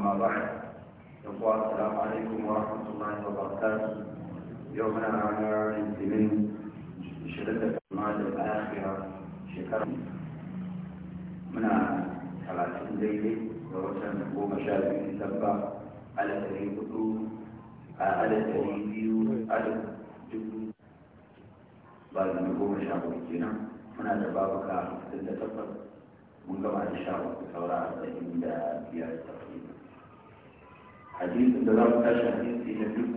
أما بعد يقول السلام عليكم ورحمة الله وبركاته يومنا على الاثنين شدة المعادة الآخرة شكرا من ثلاثين ليلة ووسن قوم شابه سبب على تريد على تريد على بعد ما قوم شابه كنا من هذا كان ستة تفضل من قبل الشعب sha uku saura arba'in da biyar حديث ده لو كاش حديث في نفسه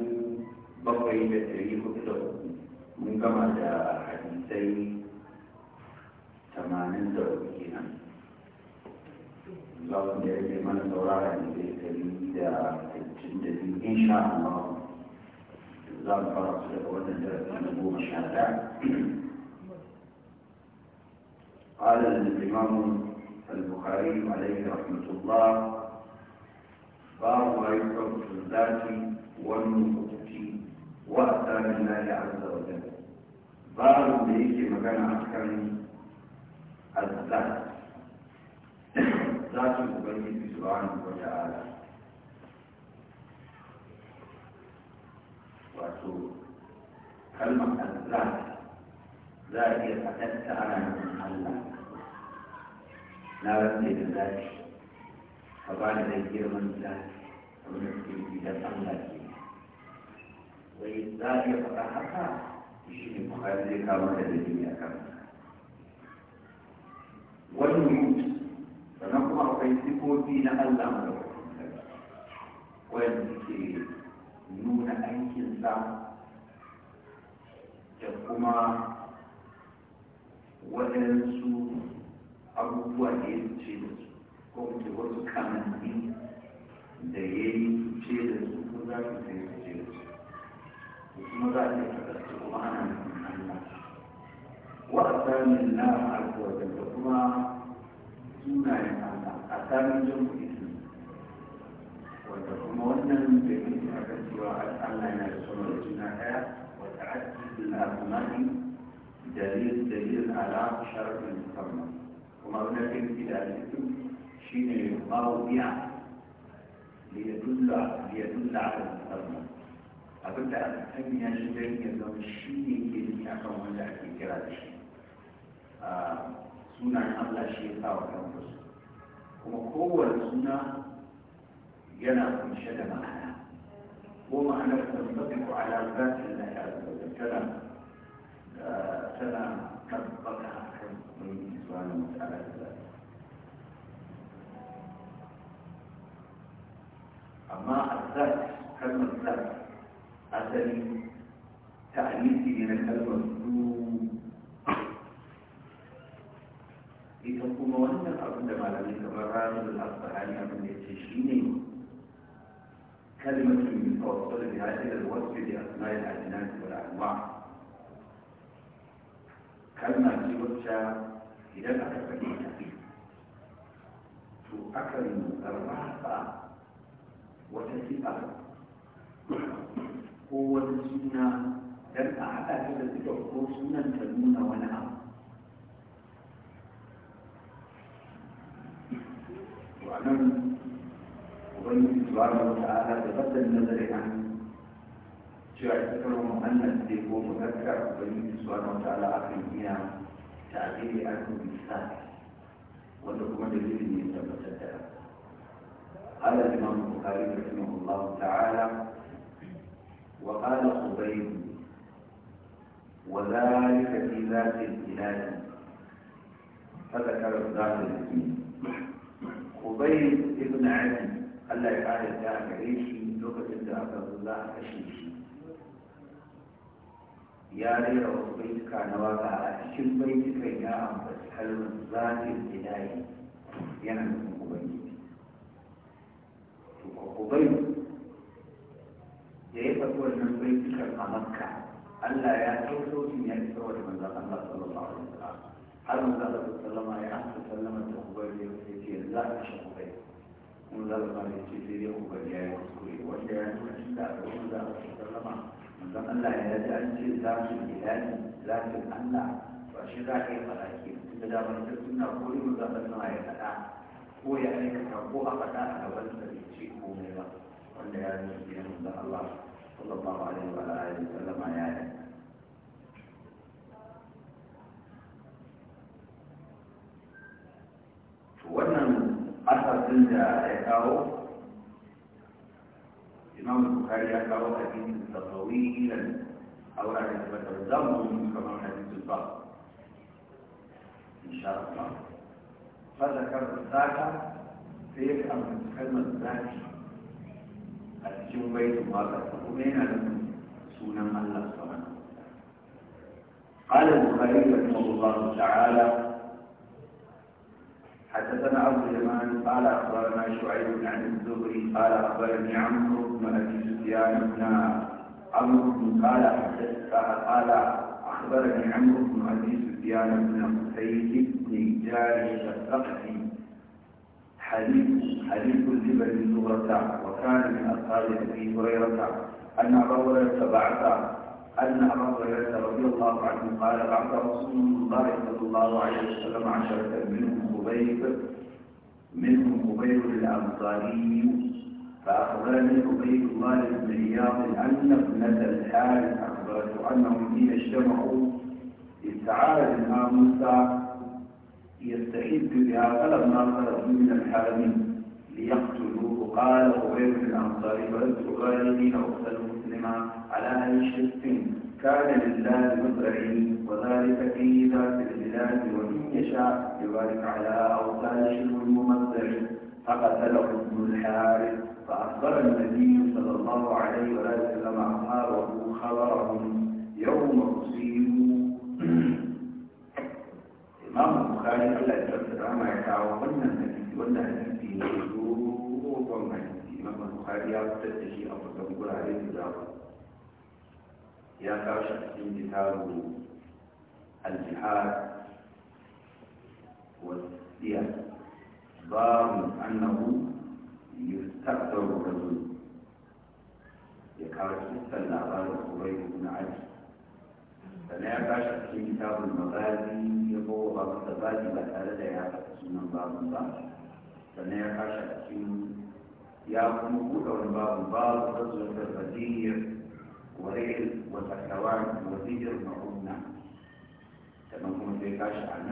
بقي من التاريخ كله من كما جاء حديثي ثمانين دوكينا لو جاء من دورا حديثي تريد جندي إن شاء الله لو فرق سلطة ودن درسنا قال الإمام البخاري عليه رحمة الله فهو يكبر في الذات والنفوس واتى لله عز وجل بار بيك مكان عسكري الذات ذات مبين سبحانه وتعالى كلمة الذات ذات أتت على من الله لا بد من ذلك a ba da girman zafi wanda suke gidan Allah ke wai za a iya faɗa haka shi ne bukari zai kawo da dalili a kan wani mutu sannan kuma akwai sifofi na Allah da wanda suke nuna sa da kuma waɗansu abubuwa da ya ce da su ko kuma wasu kamanni da ya yi ce da su ko za su sai su ce da su kuma za su yi kasance kuma ana nufin Allah wa asamin na alkuwa da kuma suna sunayen Allah asamin jin kuɗi wanda kuma wannan da yake a kan cewa Allah yana da suna da juna ɗaya wa ta'addudul asma'i dalil dalil ala sharafin musamman kuma wannan ɗin gida da ne حين يقال بها ليدل ليدل على المقدمه أقول لك أن يا شيخ أن الشيء الذي يحكم على الفكرة الشيء آه، سنة الله شيء أو كم بس كم هو السنة ينا في شدة معنا هو معنا تنطبق على ذات الله عز وجل كلام آه، كلام كم بقى كم من سؤال مسألة amma a sa kalmar sa asali ta aliki ne na kalmar su ita kuma wannan abin da malamai kamar rami da lafa hali abin da ce shi ne kalmar su yi a wasu da ya ce da wasu da ya suna yi a jinan su da alwa kalma ce wacce idan aka faɗi ta fi to aka akan zarfafa وتسيئة هو السنة لم أعتقد أن تكون سنة تنون ونعم وأنا ubangiji subhanahu wata'ala da fadar nazari an cewa ita karo muhannan zai ko mugaskar ubangiji subhanahu wata'ala a kan iya ta'adiri a kan bisa wanda kuma da zai ne tabbatar da قال الإمام البخاري رحمه الله تعالى وقال قبيل وذلك في ذات الإله فذكر ذات قبيل ابن قال الله يقال ذاك عيشي لغة عبد الله أشيشي يا ليت بيتك وقع أشم بيتك يا أمبس هل ذات الإله ينمو يعني قبيل to kubai da ya faɗi wannan baitukan a makka Allah ya ɗauko su ya yi tsawar da manzan Allah sallallahu alaihi wasallam har manzan Allah sallama ya amsa sallama da da ya ce yanzu a kashe kubai kuma za zama da ce sai dai kubai ya yi kuskure wanda ya nuna shi da aka wani za a sallama manzan Allah ya ji an ce za su su yi Allah ba shi za ka yi faɗa ke da damar ta suna ko yi manzan Allah ya faɗa ko ya aikata ko a faɗa a gaban sa bai ce komai ba wanda ya zo shi ne da Allah sallallahu alaihi wa alihi sallam ya yi wannan asasin da ya kawo imam bukari ya kawo hadisin sabawi ilan aura da tabbatar zamu kamar hadisin ba insha Allah فذكر الزكاة في كلمة زكي a cikin baitin waka kuma yana da sunan Allah subhanahu قال البخاري رحمه الله تعالى حدثنا ابو اليمان قال اخبرنا شعيب عن الزهري قال اخبرني عمرو بن ابي سفيان بن عمرو قال حدثت قال اخبرني عمرو بن ابي سفيان بن حسين بن جارية الثقفي حديث حديث الجبل صغرة وكان من أصحاب أبي هريرة أن أبا هريرة بعث أن أبا هريرة رضي الله عنه قال بعث رسول الله صلى الله عليه وسلم عشرة منهم خبيب منهم خبيب الأنصاري فأخبرني عبيد الله بن عياض أن ابنة الحارث أخبرته أنهم إذا اجتمعوا استعار منها موسى يستعيد بها فلما طلب من الحرمين ليقتلوه قال غير من الانصار ولست غالبين اقتل مسلما على اي شرك كان لله مزرعين وذلك في ذات البلاد ومن يشاء يبارك على شر الممزع فقتله ابن الحارث فاخبر النبي صلى الله عليه وسلم اصحابه خبرهم يوم bukari allah ya tabbata rama ya kawo wannan hadisi wannan hadisi ne dogon hadisi imam bukari ya fitar da shi a kusan gurare da dama ya kawo shi a cikin kitabu al-jihad والسير باب أنه يستقدر الرجل يكارس السلة على الخبير بن علي فلا يباش في كتاب المغازي ko ba masa baji ba tare da ya faɗi sunan babun ba sannan ya kashe a cikin ya وزير معونة كما كنا في كاش عن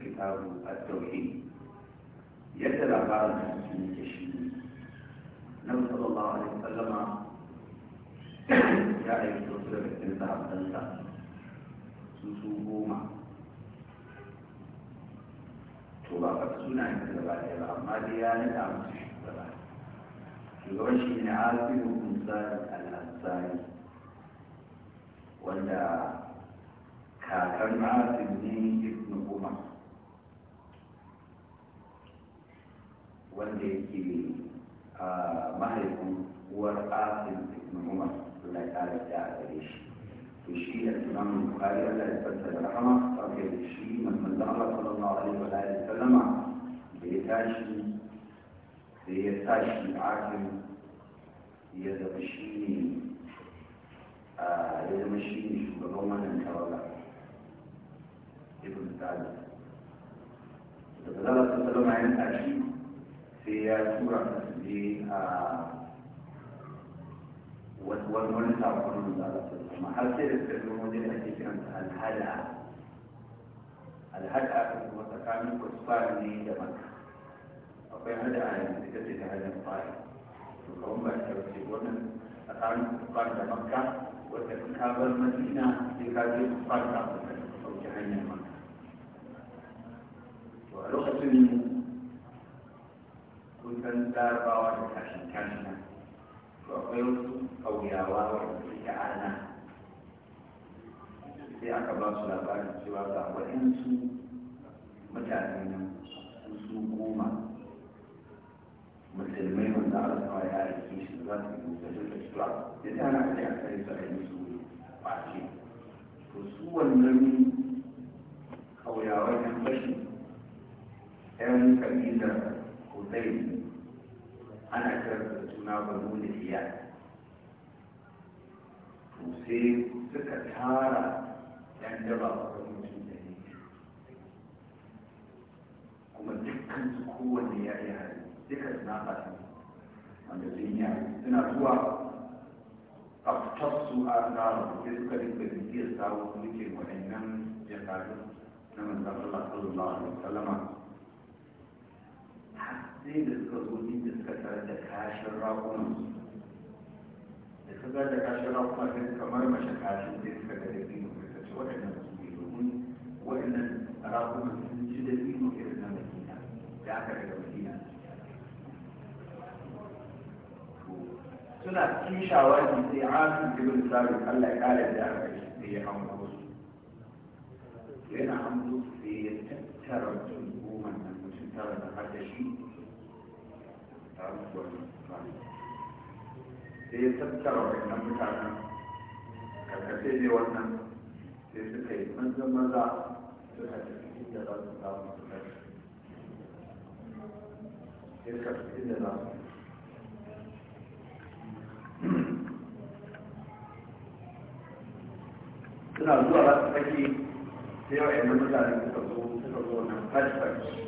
كتاب التوحيد يدل على من التشريع النبي صلى الله عليه وسلم جاء يوسف بن عبد الله سوسو to ba ka suna ne gaba ɗaya ba amma dai ya naɗa musu shugaba shugaban shi ne asibu musar al-ansari wanda kakar kakan asibu ne ibn umar wanda yake ah, mahaifin uwar asibu ibn umar suna ƙara da a gare shi يشيل الإمام البخاري الله يتبدل رحمه فكي يشيل من من الله صلى الله عليه وآله وسلم بيتاشي بيتاشي عاكم يزمشيني آه، يزمشيني شو بلومن انت ولا ابن تعالى إذا بدأت تسلم عن الأشي في سورة في آه wani sakon da za su kuma har sai da sirrin wajen ake kiran ta alhada alhada ta kuma tsakanin kusurwa ne da maka akwai hada a yanzu ita ce ta hada fari to kawon ba ta wuce wannan tsakanin kusurwa da maka wata ka bar madina sai ka je kusurwa ta kuma sauke hanyar maka to a lokacin kun san larabawa da tashin tashin to akwai wasu ƙauyawa wanda suke ana sai aka ba su labarin cewa ga waɗansu mutane nan su goma musulmai wanda ala sama ya aiki shi za su yi da duka cewa da ta hana kai a kai su a yi su kwace to su wannan ƙauyawa yan bashi yan kabilar hudai ana kiransu suna suna banu liya to sai suka tara yan daba kusan mutum da ne kuma dukkan su kowanne ya yi hari dukkan suna fata wanda sun yi suna zuwa a fitar su a tsara sai suka dinga bibiyar tsawo muke waɗannan jakadun na manzan Allah sallallahu alaihi wasallama sai da suka zo ni da suka tare da kashin rakuna da suka ga da kashin rakuna sai suka marmashe kashin sai suka ga da bino ka ce waɗannan su ne domin waɗannan rakuna sun ci da bino irin na madina da aka daga madina suna kishawa ne sai asin ibn sabit Allah ya kare da aka yi sai ya hango su yana hango su sai ya tattara sai ya tattara wannan mutanen karkace ne wannan sai suka yi manzan maza suka tafi inda za su samu su kai sai suka tafi inda za su suna zuwa za su kake sai wa'yan mutanen suka zo suka zo nan fashfash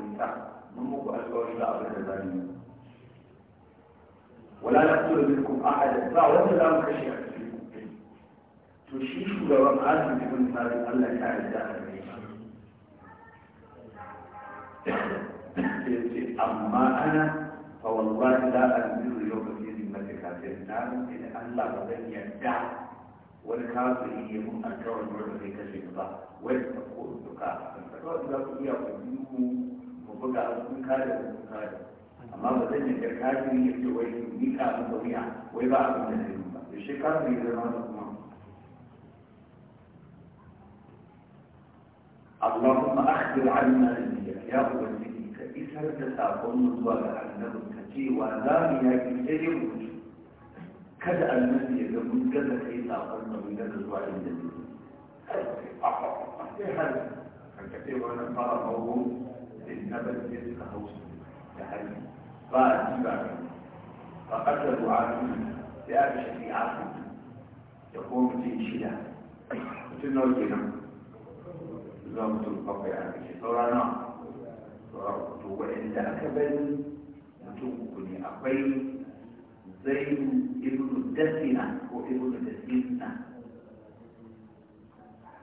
المتعة نعم. من ممكن أشكر لا ولا نقتل منكم أحدا فأولا لا مكشف فيكم تشيش لو أن بكل ما الله تعالى داخل أما أنا فوالله لا أنزل اليوم في ذمتك في النار إن لا لن يدع والكافر يهم أن تعود مرة في كشف الله ويتقول بك يا يقول buga mun kare mun kare amma ba zan yi kafiri ya ce wai ni ka mun duniya wai ba abin da zai ba da shi kafiri ya zama da kuma اللهم أخبر عنا النية يا أولي كإسر تساقون مزوال أنه كتي ولا يأتي سيء كذا النبي يقول كذا كي تساقون من مزوال النبي أخبر أخبر أخبر أخبر أخبر da ina da suka hausu da hali ba a ne ba ba ƙasar ru'atu sai aka shari'a da kuma mutum shida mutum nawa kenan zuwa mutum bakwai a kashe saura nawa to waɗanda aka bari mutum uku ne akwai زيد ابن دسنا وابن دسنا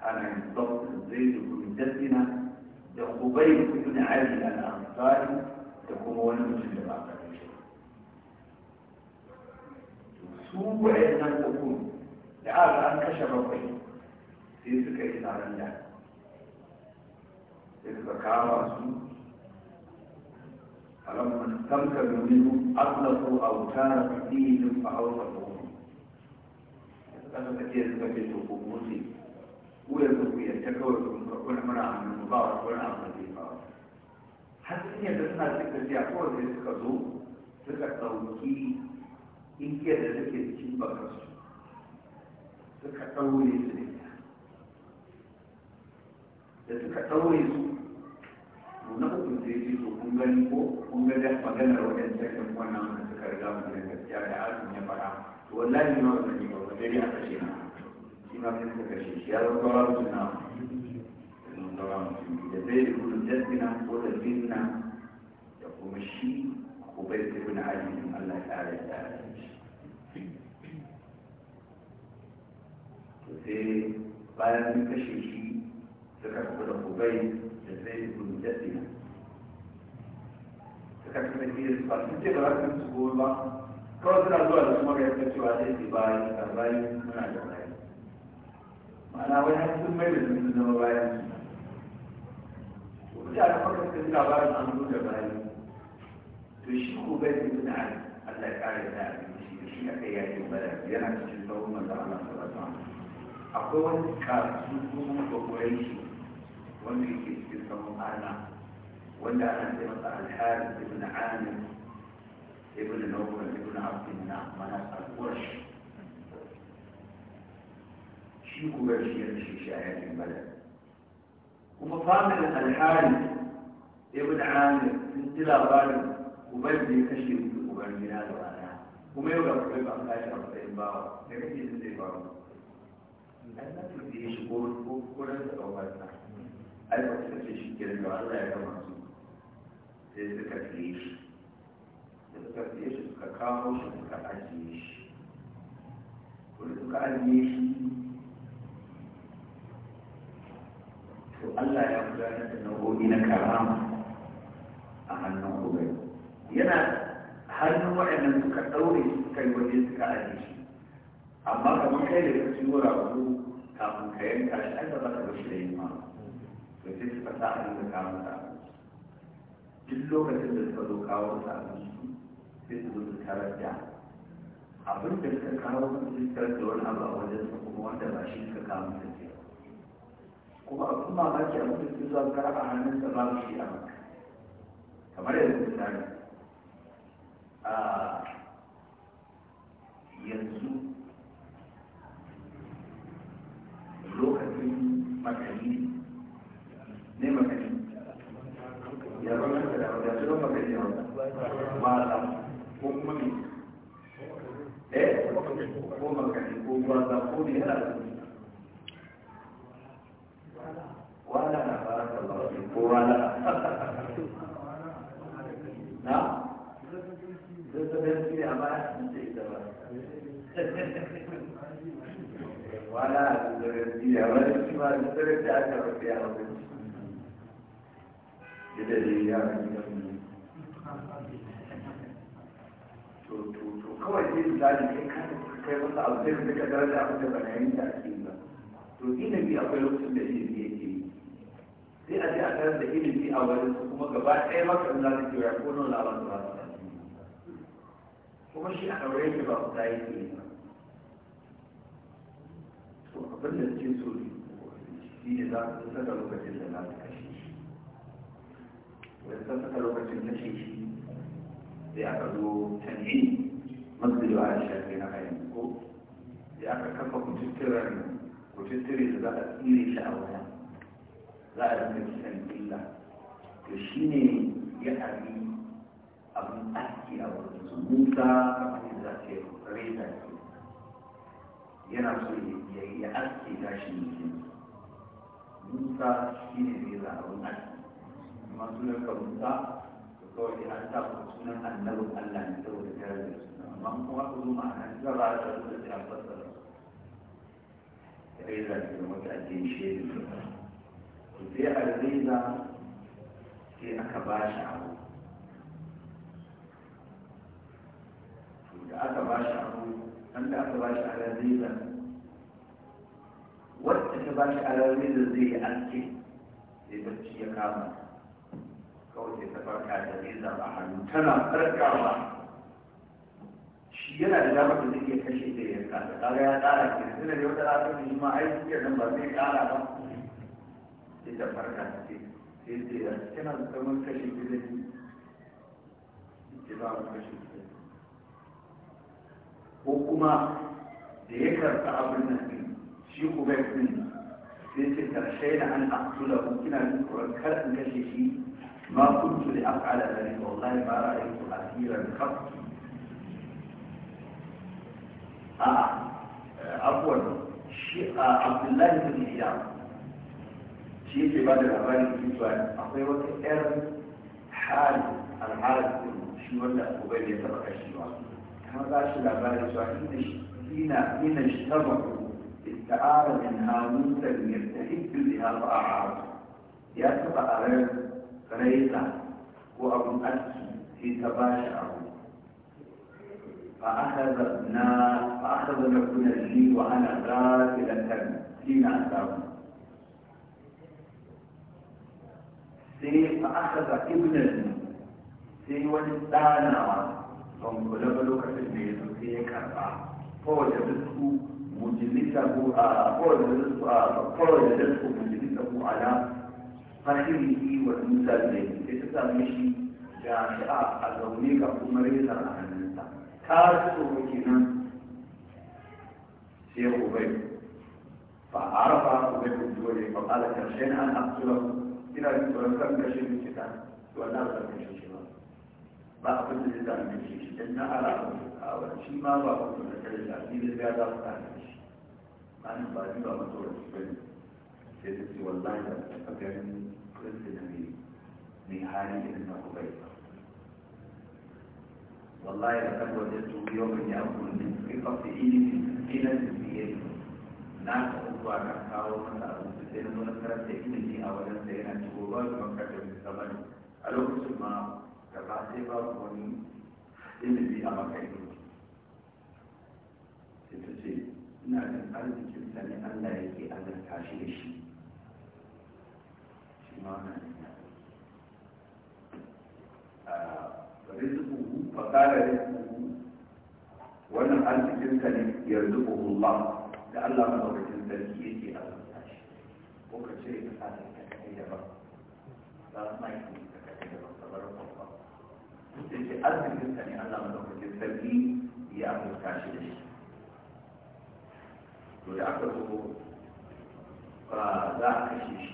أنا بالضبط زيد ابن دسنا da kubai ibn ali al-ansari da kuma wani mutum da ba a shi su nan uku da aka an kashe bakwai sai suka yi tsaron da sai suka kama su فلما استمكنوا منه اطلقوا اوتار دينهم فاوثقوهم. هذا كثير من الحكومه mu yanzu ku yanta kawai kun farko na muna hannun mu ba wani wani abu da zai faru har sun yadda suna cikin tafiya kawai sai suka zo suka ɗauki igiyar da take cikin bakarsu suka ɗaure su da ita da suka ɗaure su na uku sai ji to kun gani ko kun ga da maganar wajen cikin wannan da suka riga mu da gaskiya da azumi ya fara to wallahi ne wannan ne ba wajen dare aka ce na shi ma sai suka kashe shi ya zama kawar suna zama kawar musulmi da zai da kudin jasbina ko da zinna da kuma shi ya bai da kudin ajiyar allah ya ƙara ya ƙara to ya bayan sun kashe shi suka tafi da kubai ya zai da kudin jasbina suka tafi da kudin ba sun ce ya za su ba kawai suna zuwa da kuma ga yadda cewa zai ba bayan ya muna da ma'ana wani har sun mai da sun zama bayan su mutanen maka suka ji labarin an zo bayan to shi ko bai da suna Allah kare da abinci shi aka yi yakin bada yana cikin tsawon maza Allah ta akwai wani karatu kuma babban shi wanda yake cikin tsawon Allah wanda ana ce masa alhari ibn amir ibn nawfal ibn abdullah mana al-qurashi شيكو ماشي يمشي شاهد الملا وفاطمه الحالي ابن عامر في انتلا غالب وبدي يمشي وبعد ميلاده انا وما يوقف في بعض عشر سنين باو لكن في سنتين باو لأن في ذي شبور كل هذا هو بس أي ما تصير في شيء كذا الله يعلم مصدوم في ذكر فيش ذكر فيش Allah ya gudanar da nau'o'i na karama a hannun ubai yana hannun waɗannan suka ɗaure suka yi waje suka aje shi amma kamar kai da kaci wura ku kafin ka yanka shi an ba ka bashi da yin ma to sai suka sa a da kawo sa duk lokacin da suka zo kawo sa abinci sai su zo su tarar da abin da suka kawo su tarar da wani abu a wajen su kuma wanda ba shi suka kawo ta ke kuma abin mamaki a mutum su zan a hannun sa ba shi a maka kamar yanzu misali a yanzu lokacin makani ne makani ya zama da ya zama makani ya ba ta ko kuma ne eh ko makani ko gwaza ko ne yana da wala na baraka Allah ko wala na da ta da shi amma sai ba wala da da shi amma shi ma da da aka rufe a wurin da da ya yi to to to kawai dai misali kai kai wata abu sai ka ga daraja da bana na yin da to inabi akwai lokacin da inabi yake yi sai a je a tarar da inabi a wurin su kuma gaba ɗaya maka in za ta kira ko nan labar da ba su kuma shi a ɗaure yake ba ku tayi ke ba to abin da suke so shi ne za su saka lokacin da za ta kashe shi wani sun saka lokacin kashe shi sai aka zo tanhi masu yi wa a shafi na hayan ko sai aka kafa kututturan tuturi da za a tsire shi a wajen za a rinka kisan illa to shi ne ya harbi abin aiki a wajen su musa kamar yadda za ta yi reza ke yana so ya yi aiki aski gashin jikin musa shi ne reza a abin aski masu yanka musa da kawai ta sa sunan annabin allah ne saboda kare suna amma kuma ku zo ma'ana zaba da su da ta reza da matakin shehi sai a reza sai aka ba shi abu da aka ba shi abu an da aka ba shi a reza wadda ta ba shi a reza zai yi aske sai bacci ya kama kawai sai ta farka da reza a hannu tana farkawa yana da damar da zai iya kashe da ya kasa kaga ya tsara ke tunda da wata rasa shi a ai suke nan ba zai tsara ba sai ta farka ce sai ce da suke da kamar kashe gidan ce ba mu kashe gidan ko kuma da ya karɓi abin nan din shi bai ya din sai ce karshe na an aksula ko kina jin tsoron in kashe shi ma kuntu da af'ala zalika wallahi ba a asiran kafin a abuwan shi a abdullahi bin hiyam shi yake ba da labarin cewa akwai wata yar hali al'adar shi wanda ubai bai taba kashewa ta ba shi labarin cewa inda shi ina ina shi taba ku ista'ara min hamusa da yartahiddu biha fa'ara ya taba a ran raita ko abun aski sai ta ba shi abu فأخذنا فأخذ نكون لي وأنا غافلة حين أتاه sai fa aka ga ibnan sai wani ɗanawa ban kula lokacin da ya zo sai ya karba kowace risku mujilisa ko a kowace a kowace mujilisa ko ala fahimci wa musa da sai ta same shi ga shi a zaune ga kuma rezar a ta tsoro kenan sai ubai a arafa ubai bin dole fa kala karshe na an aksura ina da tsoron kan kashe min kita to wannan ba zan kashe shi ba ba abin da zai zama shi dan na ala a wani shi ma ba wani da kare da ni da ya za ta kare shi ba ni ba ni ba mutuwar shi ba ne sai da ce wallahi da ta gani kristi na mai hali irin na ubai ba والله لقد وجدت يوما يأكل من رفق إيدي إلى جزئيته na taɓa zuwa na kawo masa abinci sai na zo na karanta ilimi a wajen da yana ciwo ba da makarantar da bane a lokacin ma gaba sai ba wani ilimi a makarantar sai ta ce ina jin arzikin sa Allah yake azarta shi da shi shi ma na rizquhu fa qala rizquhu wannan arzikin ka ne yarzuquhu Allah da Allah ma madaukakin sarki yake azurta shi ko ka cire ka sa ka kai da ba ba ma yi ka kai da ba kamar babba sai ce arzikin ka ne Allah ma madaukakin sarki ya azurta shi da shi to da aka zo ba za a kashe shi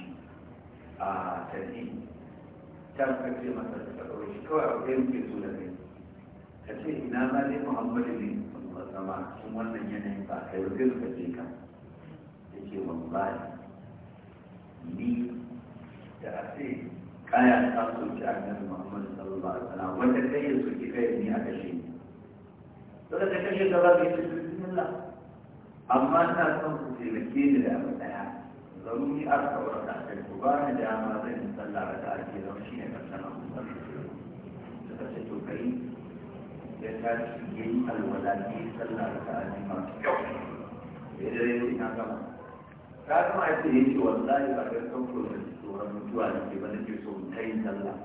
a tarihi ta kace masa ta kawai shi kawai abu ɗaya muke so da ka ce ina ma dai muhammadu ne ba zama cikin wannan yanayin ba kai ba sai ka ce ka ya ce wallahi ni da a ce kaya ta soki a nan muhammadu sallallahu alaihi wasallam wanda kai ya soki kai ni a kashe ni to ta kashe ka ba ka yi bismillah amma ina son ku taimake ni da abu ɗaya zaruri a kawar da kai ku ba ni dama zan yi sallah da ake zama shi ne karshen abubuwan suka kasa to kai ya tashi ya yi alwala ne sallah da ake masu kyau ya dare ne na gama ta kuma ake yi ce wallahi ba ga kanko da tsoron mutuwa da ke bane ke so ta yi sallah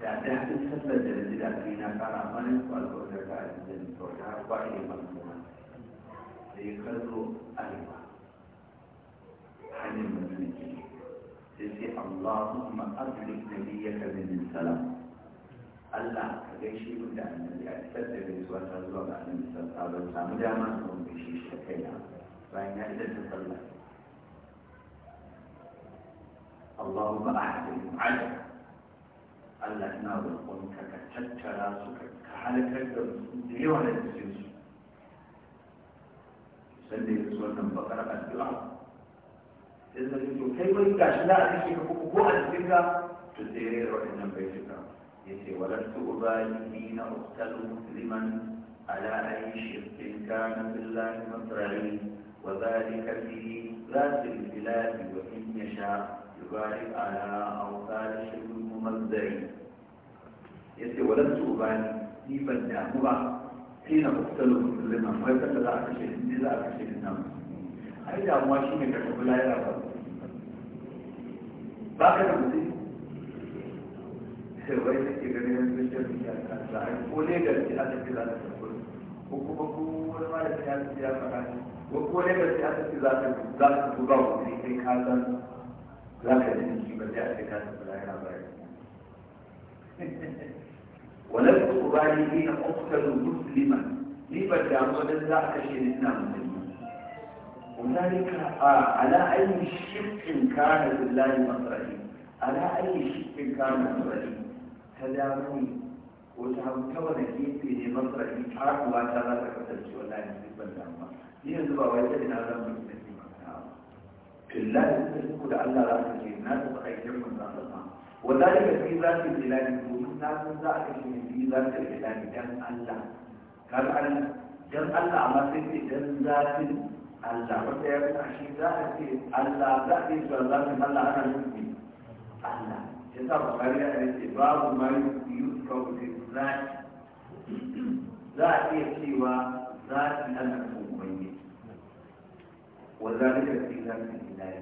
da ta haɗin sallar da da jida ta yi na kara mana su albarkar da ake zai kyauta har ba ne masu da ya kallo arewa hanyar mutum تسي اللهم أدرك نبيك من السلام الله كيشي مدى أن يأتفت بيسوة الله بعد من السلام الله مدى ما نقوم بشي شكيا فإن أجل تصلى اللهم أحد المعجل الله ناوي القوم كتشتش راسك كحالك أكبر ليه ولا تسيوش يسلي رسولة بقرة بالعظم إذا كنت كيف يمكن لا أدري حقوق الفكرة تدير وإن بيتك يسي ولست أبالي حين أقتل مسلما على أي شرك كان بالله مصرعي وذلك في ذات البلاد وإن يشاء يبارك على أوصال شرك ممزعي يسي ولست أبالي ni ban damu ba kina kusurlu musulman wai kasa za a kashe inda za a kashe nan ai damuwa shi ne ka tafi layar ba ba ka da kuɗi sai wai da ke ganin yanzu ya kasa ko ne da ke za ta tafi ko kuma ko wani ma da ya ya ko ko ne da ke za ta za ta tafi ba kai ka za ka yi jiki ba sai a ka tafi ولست أبالي حين أقتل مسلما لي مسلم هنالك على أي شق كان لله مصرعي على أي شق كان مصرعي تداوي وتعود كيفي لمصرعي حرق واتلا تكتلش ولا يجب الدم ni yanzu ba wai sai na zan mutu da kima ta billahi da suku da Allah za su ce na su aikin mun za su ma wadalika fi za su bilani domin na san za a kashe ne fi za su bilani dan Allah kaga dan Allah amma sai ce dan zafin Allah wanda ya rika shi za a ce Allah za a yi zuwa za a Allah ana Allah ya sa a ya ce babu ma yi kawo da za a iya cewa zaki ana kuma ubangiji wa zalika yi zaki lillahi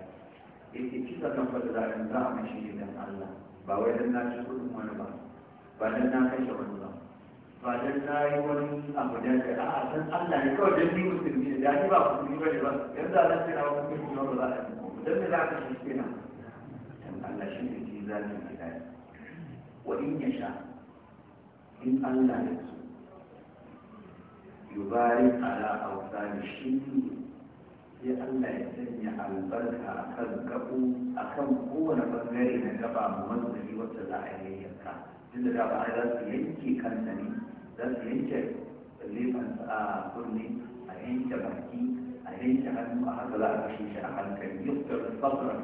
yake kisa kan yi da za a mashi dan Allah ba wai na ci kudin wani ba ba dan na kashe wani ba ba dan na yi wani abu da ka a san Allah ne kawai dan ni musulmi ne da ni ba musulmi ba ne ba yanzu a nan tana wani musulmi ba za a yi dan me za ka shi kenan dan Allah shi ne ke zalin gidan wa in ya sha in Allah ya so yubarik ala awsani shi sai Allah ya sanya albarka a kan gabu a kan kowane bangare na gaba mu wanda wacce za a yayyanka tun da ba a za su yanke kansa ne don su yanke lifansa a kurni a yanke baki a yanke hannu a haka za a kashe shi a hankali yuktar sabran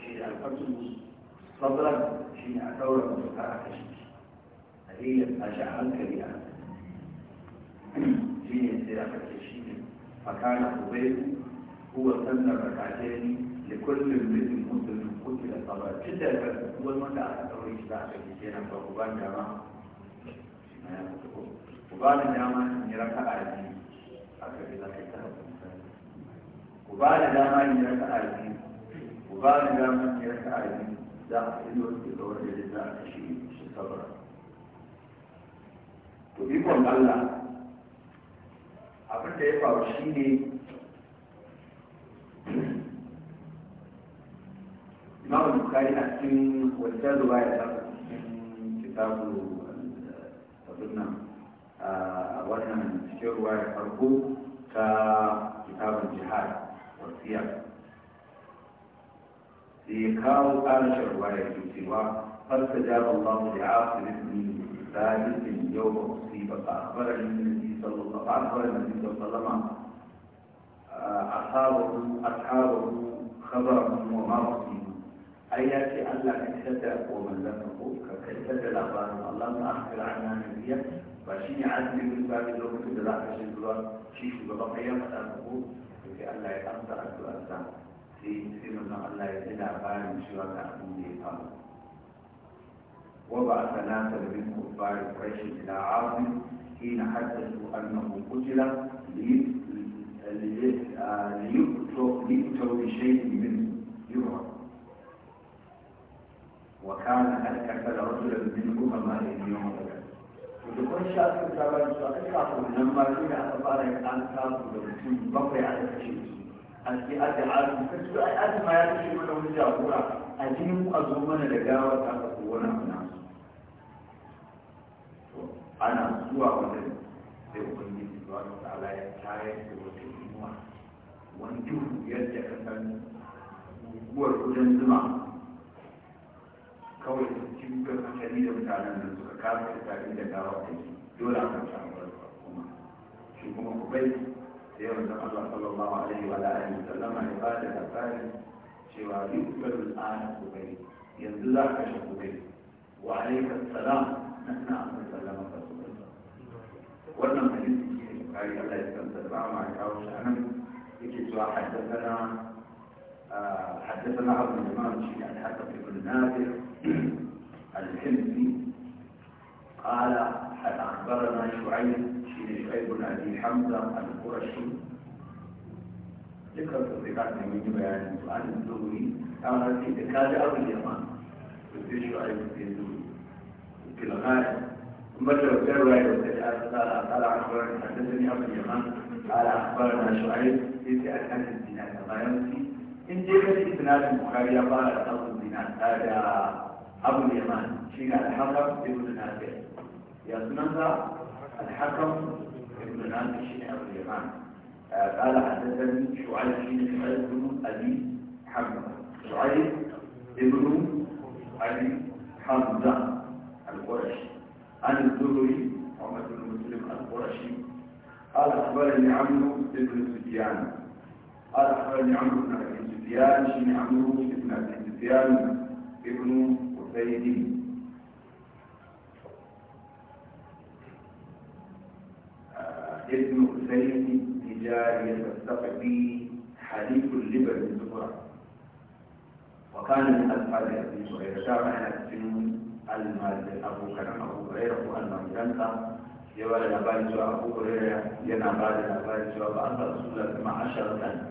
shi da alfarsu sabran shi ne a ɗaura musu har a kashe shi a yayyanta shi a hankali a shi ne sai aka ce shi ne fakana ubaiku هو سن الركعتين لكل امرئ مسلم قتل صبرا جدا هو المتعة أو إجزاء في الجنة وقبان جماعة ku ba da dama in yi raka a biyu a za ka yi ku ba da dama in yi raka a ku ba da dama in yi raka a za a yi da za a shi sabara Allah abin da ya faru shi ne imamu bukari a cikin wajen ya cikin kitabu sunna a wannan cikin ruwa ya farko ta kitabun jihad wasiya sai kawo ƙarshen ruwa ya ke cewa farka jaban babu da asirin ne ثالث يوم أصيب فأخبرني النبي صلى الله عليه وسلم النبي صلى الله عليه وسلم أصحابه أصحابه خبرهم وما أصيب ai ya ce Allah ka isar da ko manzon ko ka da labarin Allah ta akhir anna nabiyya ba shi ne azumi bin ba da lokacin da za ka shi zuwa shi shugaban ai ya faɗa ka ko sai Allah ya amsa addu'ar sa sai sai manzon Allah ya ji labarin cewa ga abin da ya faru وبعث ناسا من كفار قريش الى عاصم حين حدثوا انه قتل ليؤتوا بشيء منه يعرف وكان هل كفل رجلا منكم ما يوم Dukkan shafin sabon su aka kafa nan ma shi da aka fara yin an kafa da mutum bakwai a kashe su. A ce a da azu, ka su ai azu ma ya kashe a jinin a zo mana da gawar ta ka ko Ana zuwa wajen zuwa Wani yadda ka san kudin zuma kawai su ci kuka asali da mutanen nan suka kasa ta inda gawa ta yi dole a kan shawarar kuma shi kuma ku bai da yawan zan Allah sallallahu alaihi wa alihi wa sallam ya ba da labarin cewa yukbar al'ana ku bai yanzu za ka shi ku bai wa alaika salam nan na amma sallama ka su bai wannan hadisi shi ne bukari Allah ya san da ba ma kawo shi anan yake cewa haddana حدثنا عبد الإمام عن حسب بن نافع الحمدي قال أخبرنا شعيب شين شعيب بن أبي حمزة القرشي ذكرت في الرقاق من بيان عن الزهري قال في ذكاء أو اليمن في شعيب في الزهري في الغاية مثل في الرواية قال قال أخبرني حدثني أبو اليمن قال أخبرنا شعيب في أساس الدين الغاية dai isnadin bukari ya fara samun dinar da abu الحكم ابن ne alhakam ibn nafi ya sunansa alhakam ibn nafi shi ne abu yaman قال حدثني شعيب بن شعيب ابي حمزه شعيب ابن ابي حمزه القرشي عن الزهري عمر بن مسلم القرشي قال اخبرني عمرو بن سفيان قال اخبرني عمرو بن ابي سفيان بن عمرو بن ابي سفيان ابن قتيبة آه، ابن حسين تجارية الثقفي حليف اللبن الزهرة وكان من ألفاظ أبي هريرة عن السن المال أبو كرم أبو هريرة أن ينسى يوالى نبالي أبو هريرة ينبالي نبالي أبو رسول الله مع عشرة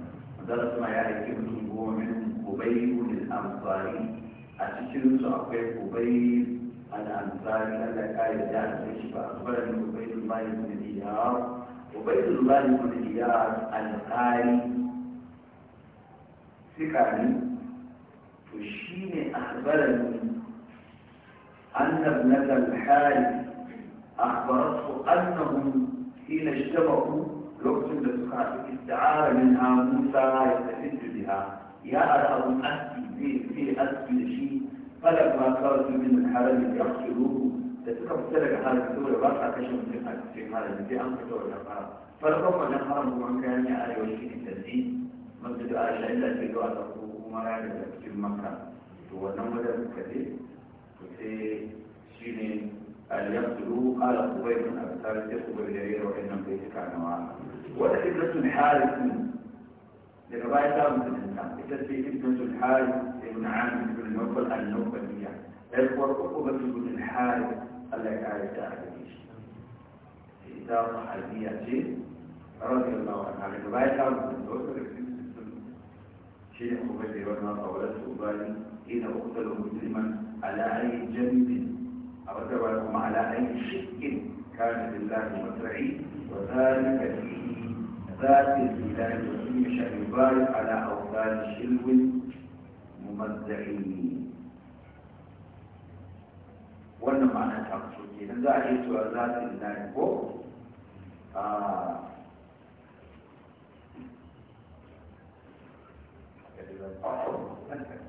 درس ما يعني هو من قبيل الأنصاري أتشير أبي قبيل الأنصاري ألا كان يدعس فأخبرني قبيل الله بن دينار قبيل الله بن دينار القاري ثقاني وشين أخبرني أن ابنة الحارث أخبرته أنهم حين اجتمعوا lokacin da suka haɗu da min ha musa ya tafi biha ya ara abun aski zai fi aski da shi falak kuma kawai su min harami ya ruhu da suka fita daga harami saboda ba sa kashe mutum a cikin harami sai an fita wajen fara farkon wannan haram kuma kayan ya arewa shi ne tazi masjidu a sha'ila ce zuwa ta kuma ya daga cikin makka to wannan wajen suka je to sai shi ne قال يقتلوا قال قبيل بن أبي ثابت قبيل يريد وإن بيتك عن وعلا ولا ابنة حارث للرواية ثابت الإنسان التي ابنة الحارث ابن عامر بن النوبل النوبلية يذكر عقبة بن الحارث الله تعالى إدارة إذا صحابية رضي الله عنها للرواية ثابت النوبل شيء قبيل يريد ما قولته بالي إذا أقتلوا مسلما على أي جنب a wata ba da kuma ala'ayin shirkin kana bin lafi matsari wa zane ga fi zafi zidane da su yi shari'a ba da ala hauka da shirwin mazari wannan ma'ana ta fito ke nan za a yi tuwa za su yi zane ko Thank you.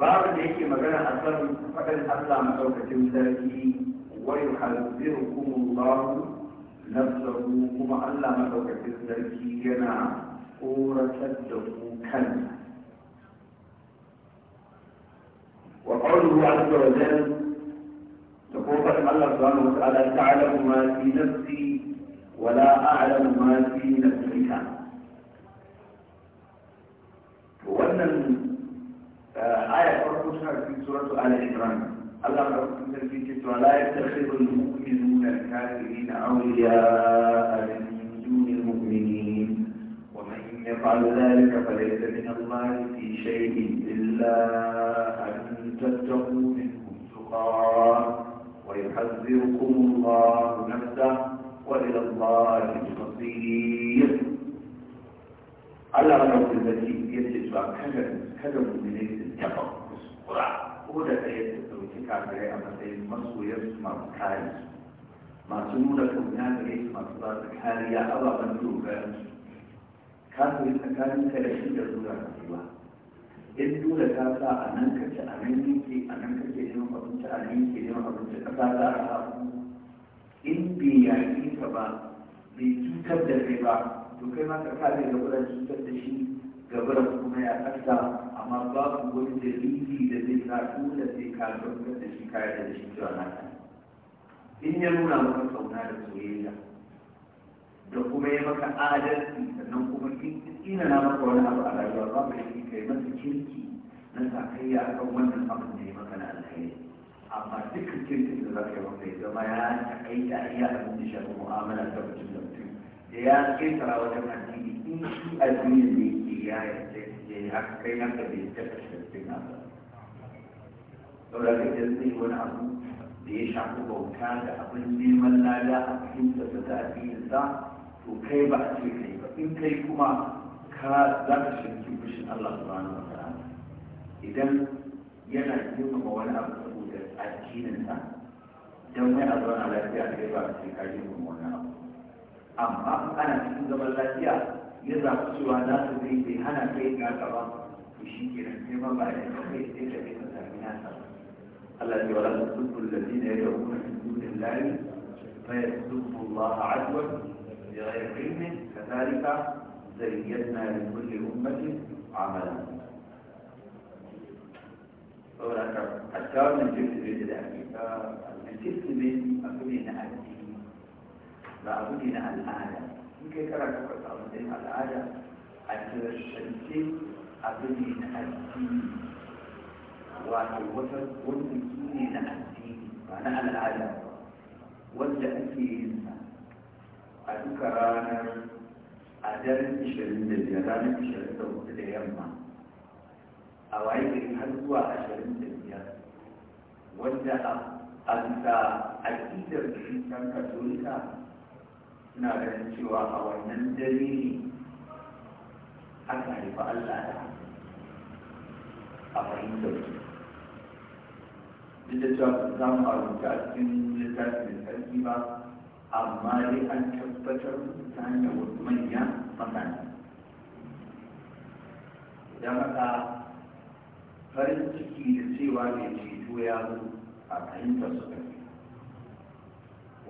babin da yake magana a kan faɗin Allah maɗaukacin sarki wai halziru kuma babu nafsahu kuma Allah maɗaukacin sarki yana ƙoratar da ku kan wa ƙaunuhu azza wa jal da kuma faɗin Allah subhanahu wa ta'ala ta'lamu ma fi nafsi wala a'lamu ma fi nafsika wannan آه، آية فرقو في سورة آل عمران الله في العالمين لا يتخذ المؤمنون الكافرين أولياء من دون المؤمنين ومن يفعل ذلك فليس من الله في شيء إلا أن تتقوا منهم تقاة ويحذركم الله نفسه وإلى الله المصير الله رب في يتجوى كذلك kada mu ne su taɓa kuskura ko da ɗaya su ɗauki kafirai a matsayin masoyan su masu kare su masu nuna kauna gare su masu ba su kariya ababen dogara su kafiri tsakanin ka da shi da zuwa rayuwa in dole ka sa a nan ka ci a nan yake a nan ka ke neman abinci a nan yake neman abinci ka sa za a samu in bai yaƙi ka ba bai cutar da kai ba to kai ma ka kare da kudan cutar da shi gaba da kuma ya kasa amma babu wani dalili da zai sa dole sai ka gamsar da shi kayar da shi cewa na kan in ya nuna maka kauna da soyayya da kuma ya maka adalci sannan kuma ina na maka wani abu a rayuwa babu mai shi kai masa kirki na sakayya a kan wannan abin da ya maka na alheri amma duka kirkin da za ka yi maka ya zama ya takaita iya abin da shafi mu'amala ta mutum da mutum da ya ƙetara wajen addini in shi addini ne ya yarda ya yi haka kai na ka bai ta kashin na ba saboda idan zai wani abu da ya shafi bauta da abin neman lada a cikin da ta addininsa to kai ba a ce kai ba in kai kuma ka za ka shirki fushin Allah subhanahu wa ta'ala idan yana girmama wani abu saboda addininsa don mai a zauna lafiya kai ba a ce ka girmama wani abu amma ana cikin zaman lafiya ya zaɓi cewa za su zai bai hana kai ga gaba to shi ke nan sai ma ba ya kai sai da kai mutane na sa Allah ya wala tusubbu alladhina yad'una min dunillahi fa yasubbu Allah adwa bi ghayri ilmin kadhalika zayyana li kulli ummatin amalan saboda haka a kyawun jirgin da ake ta aljistimin abu ne na addini ba abu ne na al'ada in kai kana da a matsayin al'ada a kiristance abin ne na addini wato wata wani ne na addini ba na al'ada wanda ake yin sa a duka ranar a daren biyar ranar 24 da da yamma a waye gari har zuwa biyar. wanda a bisa aƙidar kristan katolika suna ganin cewa a wannan dare ne aka haifa Allah da a fahimtar su duk da cewa za mu rubuta a cikin littafin sarki ba amma dai an tabbatar ta hanyar wasu manyan masana idan aka farin ciki da cewa mai ceto ya zo a fahimtar su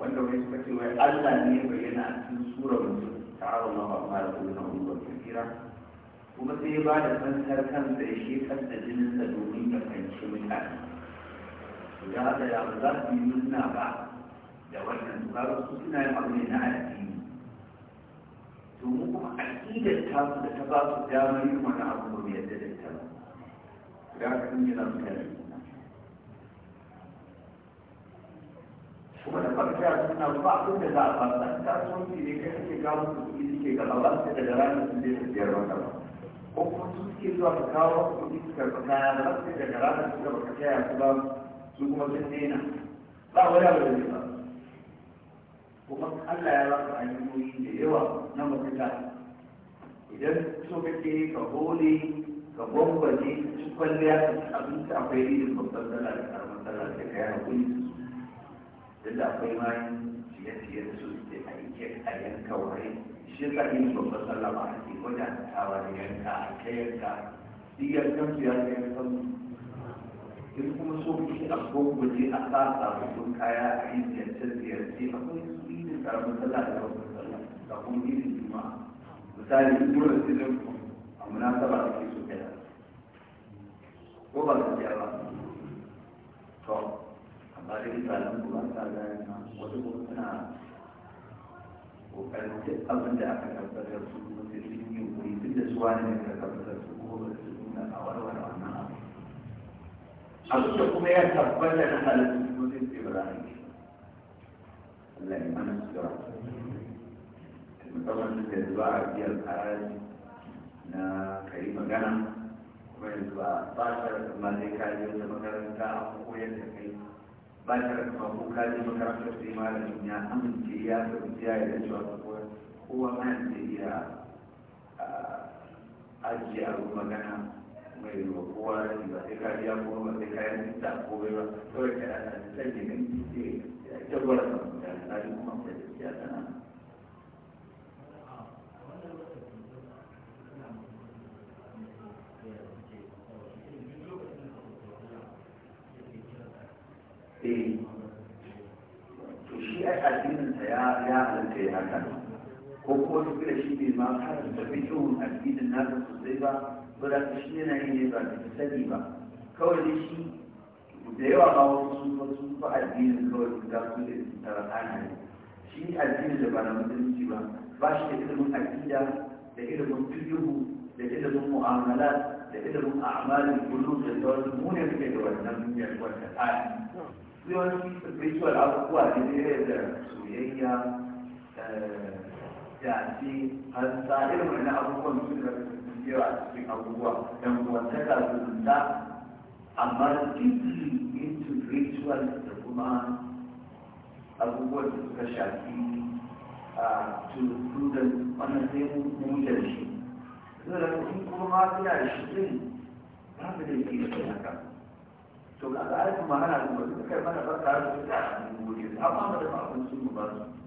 wanda wani suka ce wai Allah ne bayyana a cikin sura mutum ta'ala Allah ba ma da kullum mun ba kira kuma sai ba da fansar kansa ya shekar da jinin sa domin ya fanci mutane Ya aka ya ba za su yi nuna ba da wannan su su suna yin abu ne na addini domin kuma aƙidar tasu da ta ba su damar yin wani abu ba mai yadda da ita ba da haka sun yi na mutane wani farka suna ba abin da za a fasa kasuwanci ne kai kake kawo su kuɗi suke gaba ba su daga ranar sun je su biyar maka ba ko kuma su suke zuwa ka kawo kuɗi su karɓi kaya ba su daga ranar su gaba ka taya su ba su kuma sun daina ba wani abu da zai ba kuma Allah ya baka hanyoyi da yawa na mafita idan so kake ka hole ka gwangwaje ka ci kwalliya ka ci abinci akwai irin babban sallah da karamar sallah da kayan kuɗi duk da akwai mayan ciye-ciye da su suke a ike a yanka wani shi ka yi babban sallama a ke gwada tawa da yanka a ke yanka duk yankan su ya ke yankan su in kuma so kuke a gwaggwaje a sa sabbin kaya a yi a ziyarce akwai su yi da karamin sallah da babban sallah da kuma irin juma'a misali dole ku a munasaba da ke so kai ko ba su ba to ba da misalan ku an sa gane wasu kuma suna kokarin duk abin da aka da su kuma sai sun yi yunkuri duk da suwa ne da su kuma ba su nuna a warware wannan abu abin da kuma ya tabbata na su, kuma sai sai ba za a yi Allah ya mana sutura musamman da yanzu a biyar na kai magana kuma yanzu ba a ba ta da zai kaji wata makaranta a koyar da kai ba ta da ko ka je makarantar sai malamin ya amince ya sauki ya yarda cewa ta koyar kowa ma ya iya aji abu magana mai ruwa kowa da shi ba sai ka biya kuma ba sai ka yi ta ko bai ba kawai ka yi ta ne ne ke jagwara ta mutane ta kuma ta da siyasa na sai haka ko kuma duk da shi ne ma karanta fikihun addinin na nasa sosai ba ko da shi yana yin ne ba da sani ba kawai da shi da yawa ma wasu wasu ba addinin kawai da su da tarata ne shi addinin da ba na musulunci ba ba shi da ilimin addida da ilimin fikihu da ilimin mu'amala da ilimin a'malin kullu da sauran mu ne muke da wannan yawan ta tsari. Yawanci spiritual abubuwa ne da soyayya Eh, yaƙi a tsarin wani abubuwan su da yawa cikin abubuwa don wataka zumunta amma deeply into ritual da kuma abubuwan da suka shafi a to prudent wannan sai mu da shi suna in kuma ma suna da shi din ba mu da ke shi haka to ga al'adun ma hana su ba su kai mana ba tare da su da a cikin gobe amma ba da ba abin sun ba su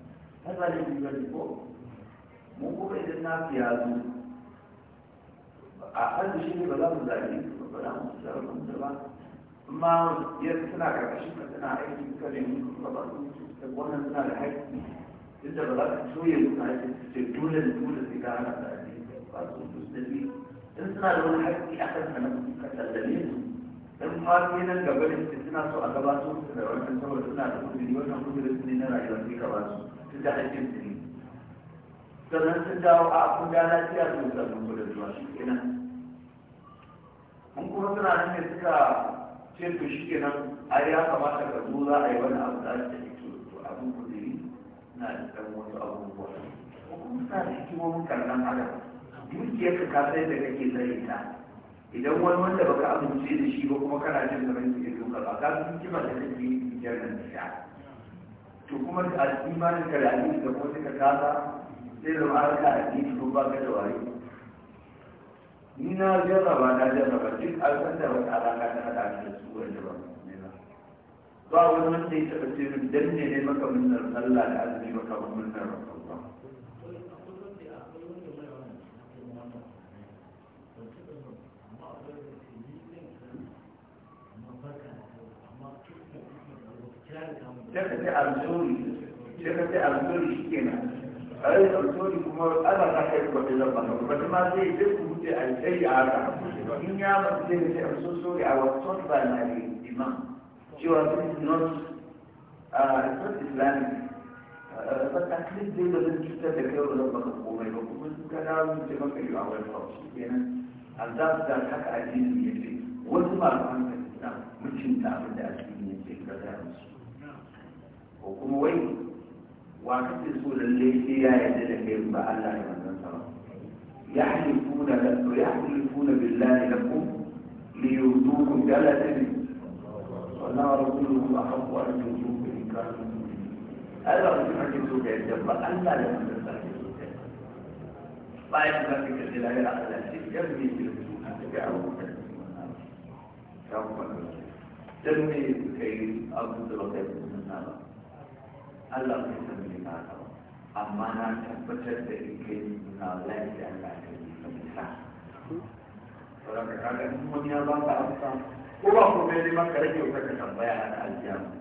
ai ba laifi ba ko mun kuma idan na fi yazo a hannu shi ne ba za mu zage su ba za mu sarrafa da ba amma yadda suna karkashin ka suna aiki ka ne mun kuma ba su da wannan suna da haƙƙi duk da ba za ka soye mutane su ce dole da dole sai ka hana da aiki ba su da musulmi in suna da wani haƙƙi a kan sanan ka tallale mu in ma nan gaba da suna so a gabatar su da wannan saboda suna da kudi wannan kudi ne na rayuwar sai ka ba su tun da aikin su ne sannan sun dawo a kun ga lafiya sun sannan ku da zuwa shi kenan mun kuma suna nan ne suka ce to shi kenan a ya kamata ka zo za a yi wani abu da ake fito to abin kuduri na da ɗan wasu abubuwa kuma suna da hikimomin kallon adam dukiyar ka kasai da kake tsaye ta idan wani wanda baka amince da shi ba kuma kana jin zaman ke duka ba ka fi kima da kake yi jiyar nan da to kuma da imanin ka da addini da kuma suka kasa sai zama an ka addini ko ba ka da waye ni na jarraba na jarraba duk an san da wata alaka ta hada da su wanda ba ba wani wanda ya taɓa ce min dan ne ne maka munnar sallah da azumi maka munnar rasulullah sai ka ce alzuri sai ka ce a yi alzuri kuma ana na kai kuma ta zama ka kuma ma zai zai ku mutu a tsayi a haka in ya mutu zai ka ce I'm so sorry I was taught by my imam cewa this is not uh, it's not Islamic فتأكيد uh, yi a تشتغل تجربة لما تقومي وكمان a لازم تبقى في الأول خالص يعني الدرس ده حاجة عجيبة جدا وزي ما عملت الإسلام مش انت عملت ko kuma wai wa kake so lalle sai ya yarda da kai ba Allah ya manzon sa ya halifuna la ya halifuna billahi lakum li yudukum da Allah ta bi wallahu rasuluhu ahaqqu an yudukum in kanu Allah ya kake so ka yarda ba Allah ya manzon sa bayan da kake da lalle Allah ya yarda da kai ya wuce ya wuce dan me kai abu da kai Allah bai san me ba ka ba amma na tabbatar da in na lafiya Allah ka yi ka misa sauran ka kaga in wani ya ba ka amsa ko ba ko mai neman ka rage wata ka tambaya a alkiyama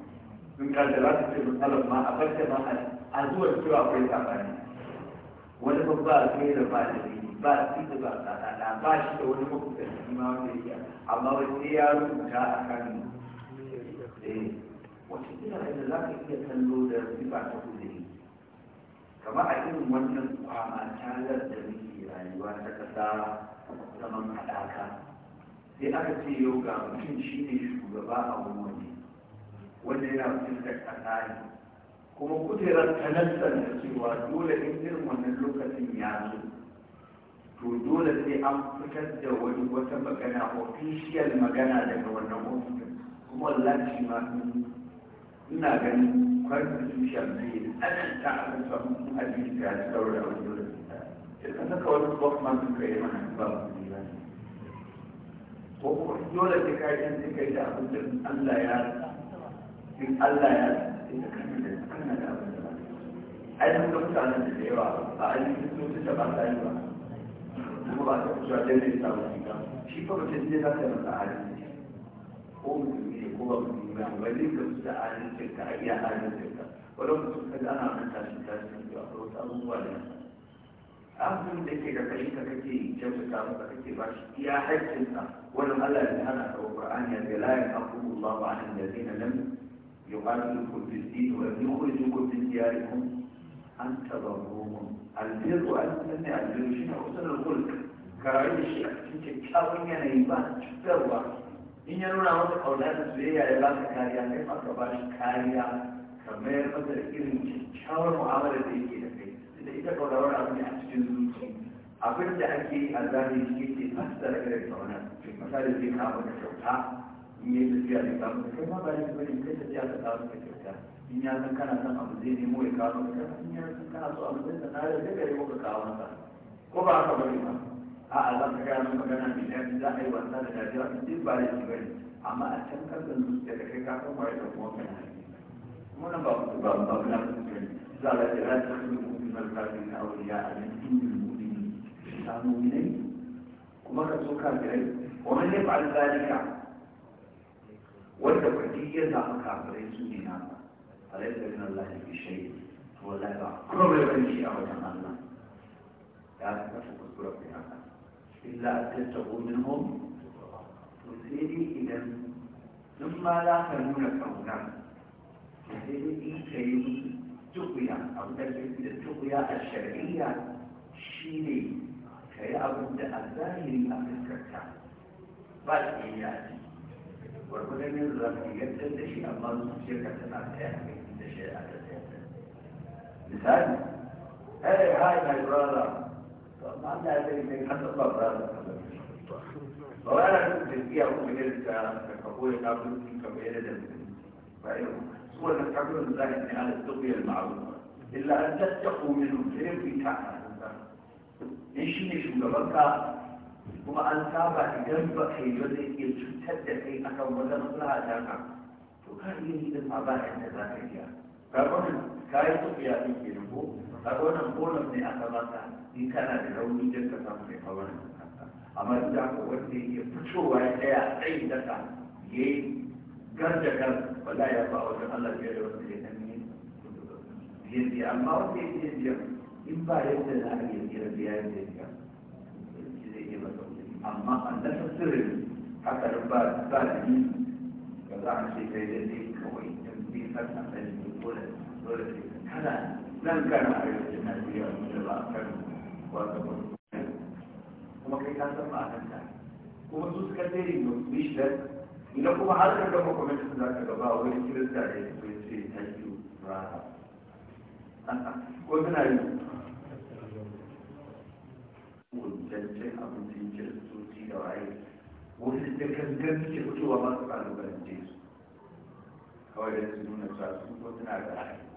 in ka da za ta ce matsalar ma a ta ma a zuwa cewa akwai sabani wani ba sai da ba da ba shi da ba tsada ba shi da wani makusanci ma wanda yake amma ba sai ya rubuta a kan eh, wata kila da za ka iya kallo da zuba ta kuzuri kamar a irin wannan kwama talar da muke rayuwa ta ƙasa zaman haɗaka sai aka ce yau ga mutum shi ne shugaba a wani wanda yana fuskar ƙasa ne kuma kujerar ta da cewa dole in irin wannan lokacin ya zo to dole sai an fitar da wani wata magana official magana daga wannan ofishin kuma wallahi ma sun ina ganin constitution ne da tsananta a kan samun hadisi da ya tsawar da wani dole da ka saka wani bokman su kai mana ba mu ne ba ko dole sai ka yi kai da abin da Allah ya in Allah ya da kana da abin ba ai mun ga mutanen da yawa ba an yi su ta ba sai ba kuma ba ta kusa da ne ta ba shi ko mutum ne ta yi masa hadisi ko musulmi ne ko ba musulmi ba ba zai gamsu da adalcin ka a iya adalcin ka wani mutum ka ana nan tashin tashin da akwai wasu abubuwa da abin da ke da kai ka kake kyautata masa kake ba shi iya haƙƙin sa wannan Allah ya hana ka Qur'ani ya ga la yaqulu Allah wa an ladina lam yuqatilukum fi din wa yukhrijukum min diyarikum an taɓa tabarruhum albir wa an ne albiyar shi ne usul al-mulk ka rayu shi a cikin kyakkyawan yanayi ba cutarwa in ya nuna masa ƙauna da soyayya ya baka kariya kai ba ka bashi kariya ka mayar masa da irin kyakkyawar mu'amala da yake da kai da ita ƙauna abu ne a cikin zuci abin da ake yi a zane shi ke fasta tsara irin ƙauna misali zai kawo da kyauta in yi tafiya da kawo da kai ma ba shi bane kai tafiya ka kawo da kyauta in ya san kana son abu zai nemo ya kawo da kyauta in ya san kana so abu zai sanar da zai gare ka kawo masa ko ba haka bane ba a za ka gaya magana mai daɗi za a yi wasa da dariya duk ba da shi bane amma a can kasan zuciya da kai ka san waye da kuma kana kuma nan ba ba ba na ne za a ce za ta kuma kuma kafin na auliya a nan injin mu'mini samu ne kuma ka so kafirai wani ne ba zalika wanda kudi ya zama kafirai su ne na ba alaikar nan Allah ya fi shai to wallahi ba kuma bai bari shi a wajen Allah ya ka kashe kuskure ku ya إلا أن تتقوا منهم وسيدي إذا ثم لا تنون كونا وسيدي كريم تقيا أو تجد التقيا الشرعية شيني كي أبد الظاهري أفكرتا بل إياتي وربنا الرب يبدل شيء الله سبحانه وتعالى مثال هذا هذا brother ba wa yana da tafiya ko ne da ka koyi kafin ka bayyana da ba yau sura da tafiya an shi ne shugabanka kuma an saba idan ba kai ba zai cutar da kai akan wata maslaha ta ka to ka iya yi din ma ba yadda za ka iya ka ka yi tafiya ɗin ke ko kaga wannan bonus ne aka baka in kana da rauni don ka samu kai kawar da kanka amma in da wanda ya fitowa ya tsaya a tsayin daka ya yi gar da gar wala ya ba wajen Allah biyar da wanda ya kan yi biyar biyar amma wanda ya biyar biyar in ba yadda za a yi biyar biyar biyar biyar shi zai iya masa amma an nasa sirrin haka da ba ba da yi ba za a ce kai da zai kawai don bai san da tsayin dole dole sai kana nan kana a yau na biya da ba a kan wata kuma kai ka san ba a kan kuma su suka tsere mu bishiyar idan kuma har ka gama kwamitin za ka gaba wani kirista da ya ce ce ta yi rana ko suna yi wancancin abincin kiristoci da waye wani da gangan suke fitowa masu ƙalubalen jesu kawai da su nuna cewa su ko suna da ra'ayi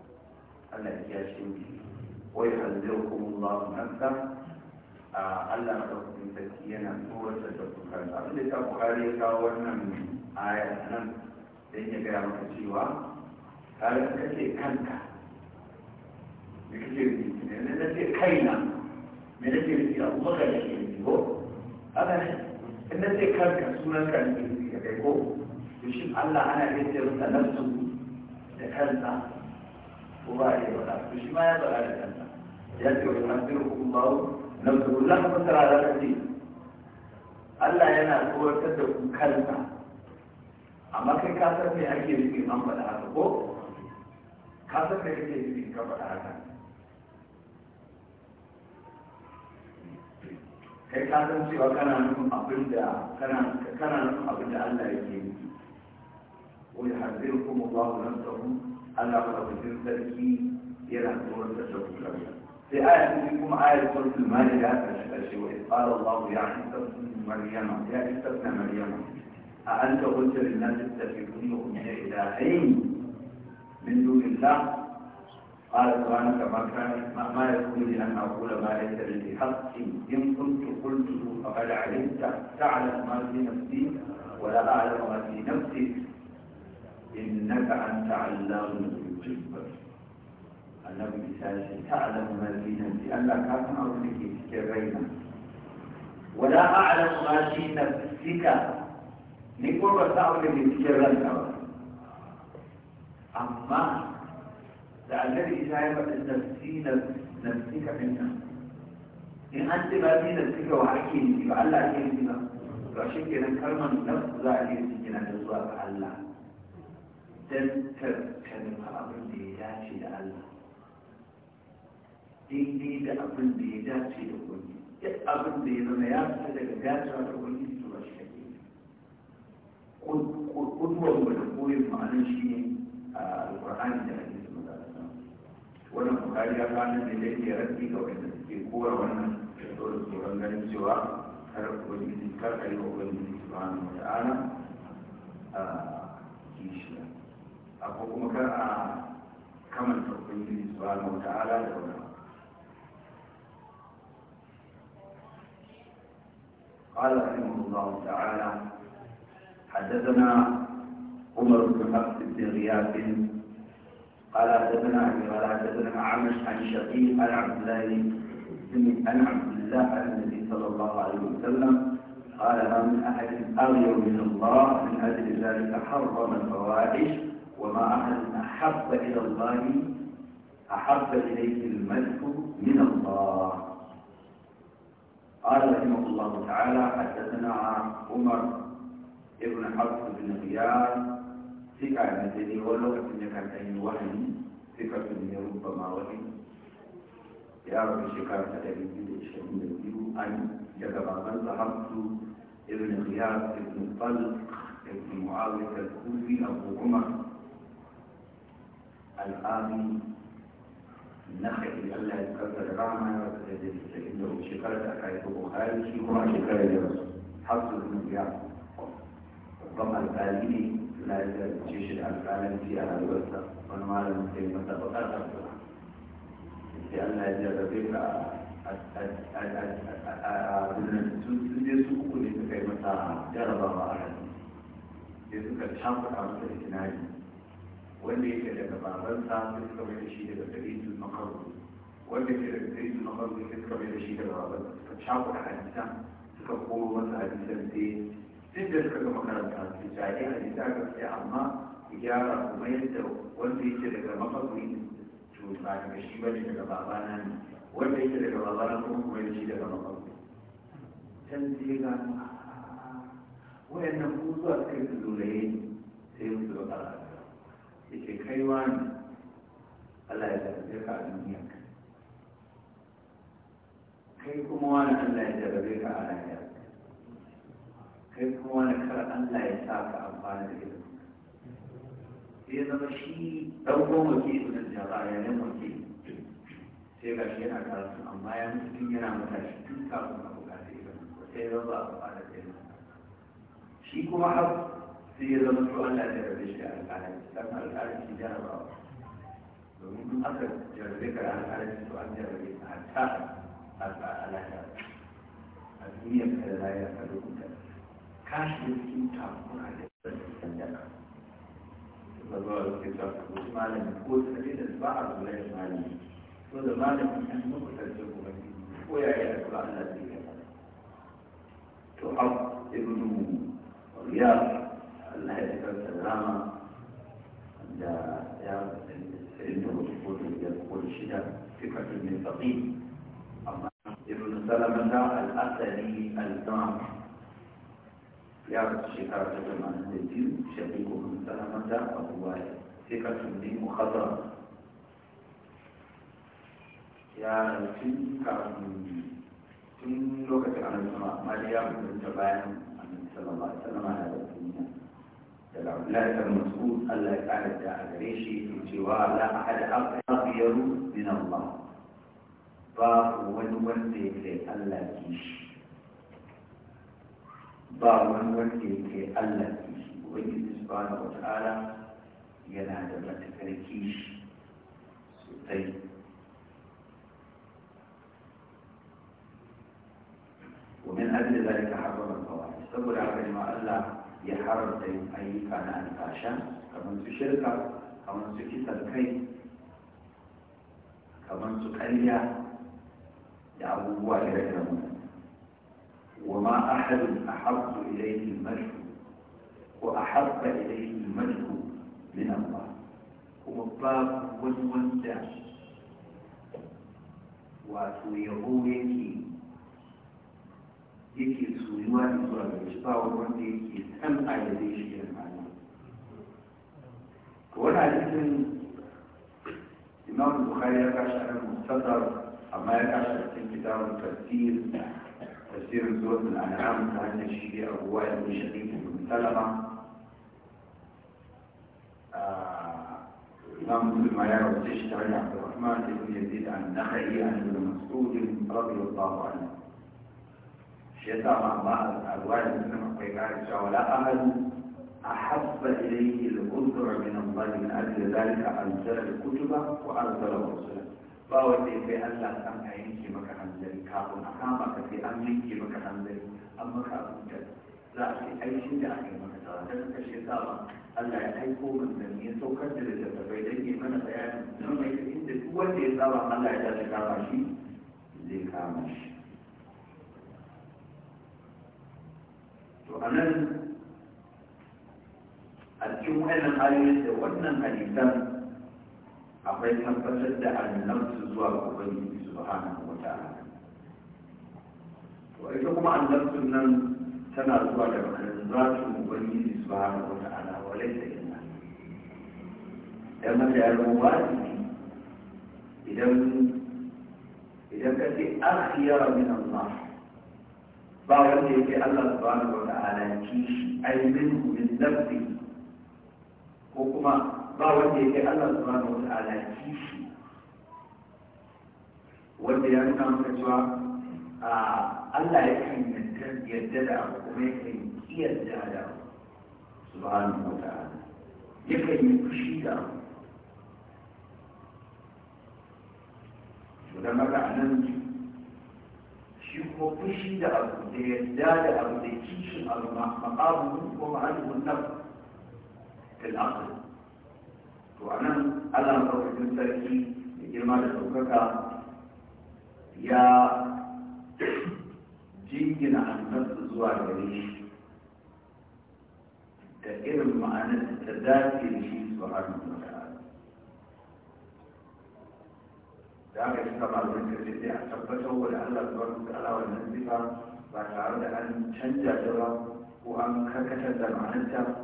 Allah ya kiya shi ne wai hanzir kuma ba Allah a Allah na ɗauki sarki yana tsoron da su kansa abinda ya sa Bukhari ya kawo wannan aya nan dan ya gaya maka cewa har kake kanka me kake rubuta ne na ce kaina me nake a kuma da ke rubuta ko haka ne in na ce kanka sunan ka ne ke rubuta kai ko to shi Allah ana rubuta masa nafsu da kansa ko ba a yi ya da ya Allah Allah yana tsoratar da ku kansa amma kai ka san me ake nufi an faɗa haka ko ka san me ake ka faɗa haka kai ka cewa kana nufin abin da kana nufin abin da Allah yake nufi wa yuhaddirukum Allah Allah madaukakin sarki yana tsoron da shafukarsa في آية منكم آية سورة المائدة الشيء وإذ قال الله يا عيسى ابن مريم يا عيسى ابن مريم أأنت قلت للناس اتخذوني إلهين من دون الله قال سبحانك ما كان ما يكون لي أن أقول ما ليس لي بحق إن كنت قلته فقد علمت تعلم ما في نفسي ولا أعلم ما في نفسي إنك أنت علام الغيوب annabi isa ya ce ta alamu na zinan ji Allah ka san abin da ke cikin raina wala a alamu ma shi na fika ni ko ba sa abin da ke cikin ranka ba amma da annabi isa ya faɗi nafsi na fika in an yi ba Allah ba za a da zuwa ga Allah don karkarin abin da ya dace da Allah daidai da abin da ya dace da kungi duk abin da ya zama ya fita daga dacewa da kungi su ba shi kake kuduwar mu da koyin ma'anar shi ne a alƙur'ani da hadisi mazalata wannan bukari ya kwanan da ya ke rabbi ga wanda suke kora wannan tsoron tsoron ganin cewa kar ubangiji kar a yi wa na wata ana a kishi ko kuma kar a kamanta ubangiji subhanahu wata'ala da wani قال رحمه الله تعالى حدثنا عمر بن حفص بن غياث قال حدثنا قال حدثنا عمش عن شقيق عن عبد الله عن عبد الله عن النبي صلى الله عليه وسلم قال ما من احد اغير من الله من اجل ذلك حرم الفواحش وما أحد أحب إلى الله أحب إليه الملك من الله قال رحمه الله تعالى حدثنا عمر ابن حفص بن غياب ثقة مدني ولو كان كان وهم ثقة ربما وهم يا رب شكرا لك الشهيد الدين أن يتبابن حفص ابن غياب ابن طلق ابن معاوية الكوفي أبو عمر الآمي نخل الله يكفر رعنا وتجد عنده شكرة أكاية بخاري شكرة شكرة لرسول حصل من جاء ربما الآلي لا يزال جيش الألقان في أهل الوسط ونوال المسلمة بقرة الصلاة لأن جذبك سوء كل ما جرب الله عليه يسوع كان شاطر على الإسناد wanda yake daga babansa sai suka mai da shi daga dalilin makaru wanda yake daga dalilin makaru sai suka mai da shi daga babansa suka cakuɗa hadisan suka koro masa hadisan sai duk da suka gama karanta su jaye hadisa gaskiya amma ku gyara ku mayar da wanda yake daga makaru to ba daga shi ba ne daga babana ne wanda yake daga babana kuma ku mayar da shi daga makaru can sai gano wayannan ku zuwa suka yi zuraye sai musu da ya ce kai wani Allah ya zarafe ka a duniya kai kuma wani Allah ya zarafe ka a rayuwa kai kuma wani kar Allah ya sa ka amfani da ilimin sai zama shi ɗauko wakili na jama'a yayin wakili sai ga shi yana karatu amma ya mutum yana matashi tun kafin a bukata ilimin sai zama ba a da ilimin shi kuma abu sai ya zama to Allah ya rabe shi da alƙalanci dan alƙalanci jarabawa domin duk aka jarabe ka alƙalanci to an jarabe ka hatta alƙalanci a duniyar ka da layar ka lokuta ka shi cikin takura da sassan da ka ba zuwa lokacin da ka zo malami ko sai da ba a zuwa da malami to da malami an muku sarki kuma ko ya yi addu'a Allah zai yi to abu ibnu riyad ma'aikatar salama da ya tsayin da wasu kotun biyar ko shida fikatun min faƙi amma ibn salama ta al'asari al-dam ya rasu shekara ta tamanin da biyu shaƙi ko ibn salama ta abubuwa fikatun min mukhadara ya tun kafin tun lokacin annabi sama amma da ya mutunta bayan annabi sallallahu alaihi wasallam ya da duniya لا المسؤول الا يساعد العريشي في الجوار لا احد اغير من الله ضاء ونوزي لألا كيش ضاء ونوزي لألا كيش ويجد سبحانه وتعالى ينادى ذلك الكيش سبحانه ومن أجل ذلك حرم الفواحش سبحانه وتعالى ya haramta yin ayyuka na alfasha kamar su shirka kamar su kisan kai kamar su karya da abubuwa da rage mu wa ma ahadun ahabbu ilayhi al-majhu wa ahabba ilayhi al-majhu min Allah kuma babu wani wanda wato yabo yake yake soyuwa da zuwa da shi ba wanda yake san a yare shi da mana to wani hadisin imam bukhari ya kashi a musadar مسلم على رسول الله عبد الرحمن بن يزيد عن النخعي عن ابن مسعود رضي الله عنه shi yasa ma ba a saduwa da suna akwai kare cewa wala amal a haɓɓa ilai ilgudura min ambali na ajiye zalika a jira da kutu ba ko a zara wasu ba wanda ya kai allah san a yanke maka hanzari kafin a kama ka an yanke maka hanzari an maka abinda za a aiki da aka maka tsawa don ka shi yasa allah ya aiko manzanni ya saukar da littattafai don ya mana bayanin don mai inda duk wanda ya saba allah ya ta kama shi zai kama to a nan a cikin wannan ayoyin da wannan hadisan akwai tabbatar da annabtu zuwa ga ubangiji subhanahu wa ta'ala to ita kuma annabtu nan tana zuwa da ma'anar zatu ubangiji subhanahu wa ta'ala wa laysa illa dan mata ya zama wajibi idan idan ka ce akhiyara min Allah ba wanda yake Allah subhanahu wa ta'ala kishi shi, minhu min nafsi ko kuma ba wanda yake Allah subhanahu wa ta'ala shi. wanda ya nuna maka cewa Allah ya kan yadda da abu kuma ya kan kiyarda da abu subhanahu wa ta'ala ya kan yi fushi da abu. Don haka a shi ko fushi da abu da yadda da abu da kishin abu maqamu ko ma'alimun nan fil aql to a nan Allah madaukakin sarki da girma da daukaka ya jingina annabta zuwa gare shi da irin ma'anar da ta dace da shi su hannu da da aka yi suka malamin ka sai a tabbatar wa da Allah zuwa su ala wannan sifa ba tare da an canja ta ba ko an karkatar da ma'anarta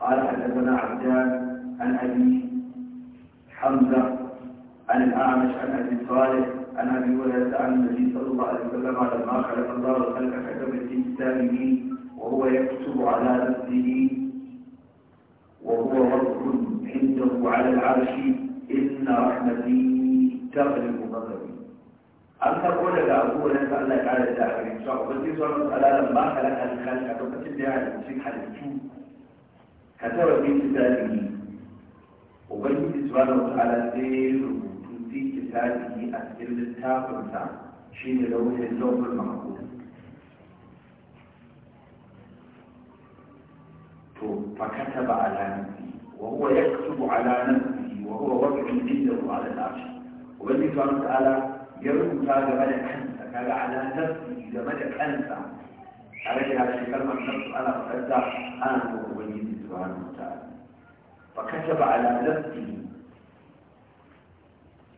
قال حدثنا عبدان عن ابي حمزه عن الاعمش عن ابي صالح عن ابي ولد عن النبي صلى الله عليه وسلم ما خلق الله الخلق كتب في كتابه وهو يكتب على نفسه وهو رب عنده على العرش إن رحمتي تغلب غضبي أن تقول أقول لك الله تعالى الداخل إن شاء الله بس يسوى مسألة لما خلق الخلق أتوقع تبدي على المسيح على الجو كتب في كتابه وبني سبحانه وتعالى سير في كتابه أسئلة التافر شيء لو اللوم المعقول فكتب على نفسه وهو يكتب على نفسه wa huwa waqfun indahu ala al-arsh ubangiji subhanahu ta'ala ya rubuta game da kansa kaga ala nafsi game da kansa a rage harshe kalmar nafsu ana fadanta ana nuna ubangiji subhanahu ta'ala fa kataba ala nafsi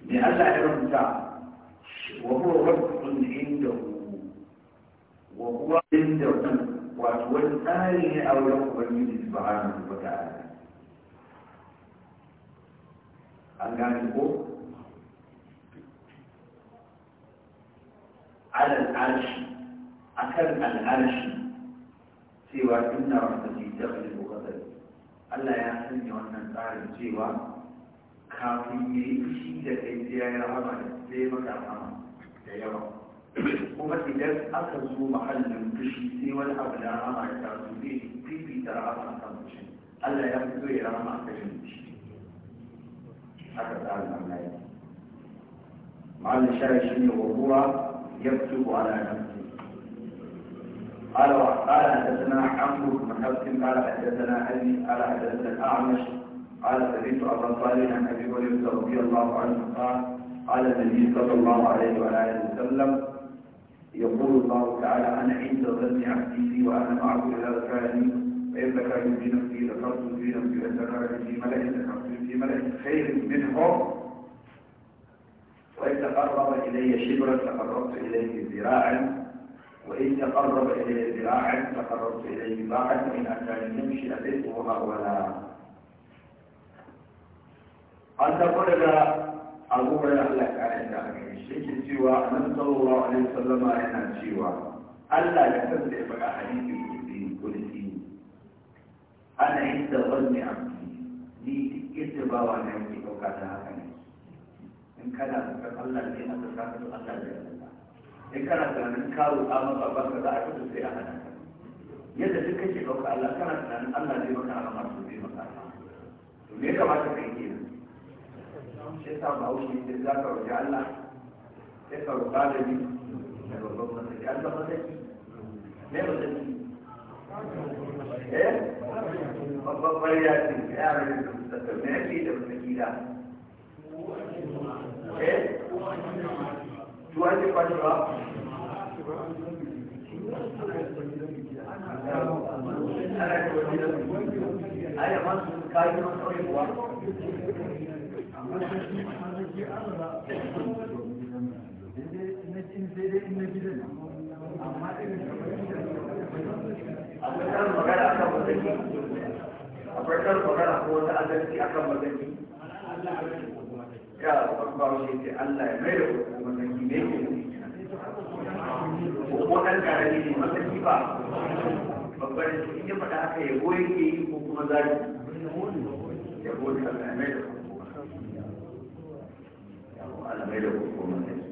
me Allah ya rubuta wa huwa waqfun indahu wa huwa wani a an gani ko alal arshi akan arshi cewa inna rabbi takhliqu qadar Allah ya sanya wannan tsarin cewa kafin ya yi fushi da kai sai ya yi rahama da sai maka rahama da yawa kuma idan aka zo mahallin fushi sai wani abu da rahama ya taso zai fifita rahama a kan fushin Allah ya fito ya rahama a kan fushi حتى تعلم Allah ya ma'ana shari shi ne يكتب على نفسه قال قال حدثنا عمرو بن حفص قال حدثنا ابي قال حدثنا الاعمش قال سمعت ابا صالح عن ابي هريره رضي الله عنه قال قال النبي صلى الله عليه وعلى اله وسلم يقول الله تعالى أنا عند ظن عبدي وأنا معه إلى ذكرني فإن كانوا دينا في لفظوا دينا في لفظوا في ملأ في ملأ خير منهم وإن تقرب إلي شبرا تقربت إليه ذراعا وإن تقرب إلي ذراعا تقربت إليه باعا وإن أتاني يمشي أبيته هرولا أن تقول أبو هريرة لك على تعمل شيء سوى أن صلى الله عليه وسلم أنا سوى ألا يكذب حديثه ana inda wani abu ni duk yadda ba wa na ke ɗauka ta haka ne in kana da Allah ne a tsaka ka Allah da Allah in kana tunanin kawo amma ba ka za a da sai a hana ka yadda duk kake ɗauka Allah kana tunanin Allah zai maka amma masu zai maka to me ya kamata ka yi kenan sai sa ba wuce da za ka roƙi Allah sai ka roƙa da ni da roƙon masaki Allah zai ne masaki Eh? babbar ƙwarya ce ya rage da musamman eh? yi a yi magana akan mazaki akwai kan magana ko wata azanci akan mazaki ya ba shi ce Allah ya mai da mazaki ne ko ko dan karami ne mazaki ba babbar shi in ya faɗa haka ya goyi ke yi ko kuma zaki ya goyi Allah ya mai da Allah mai da ko mazaki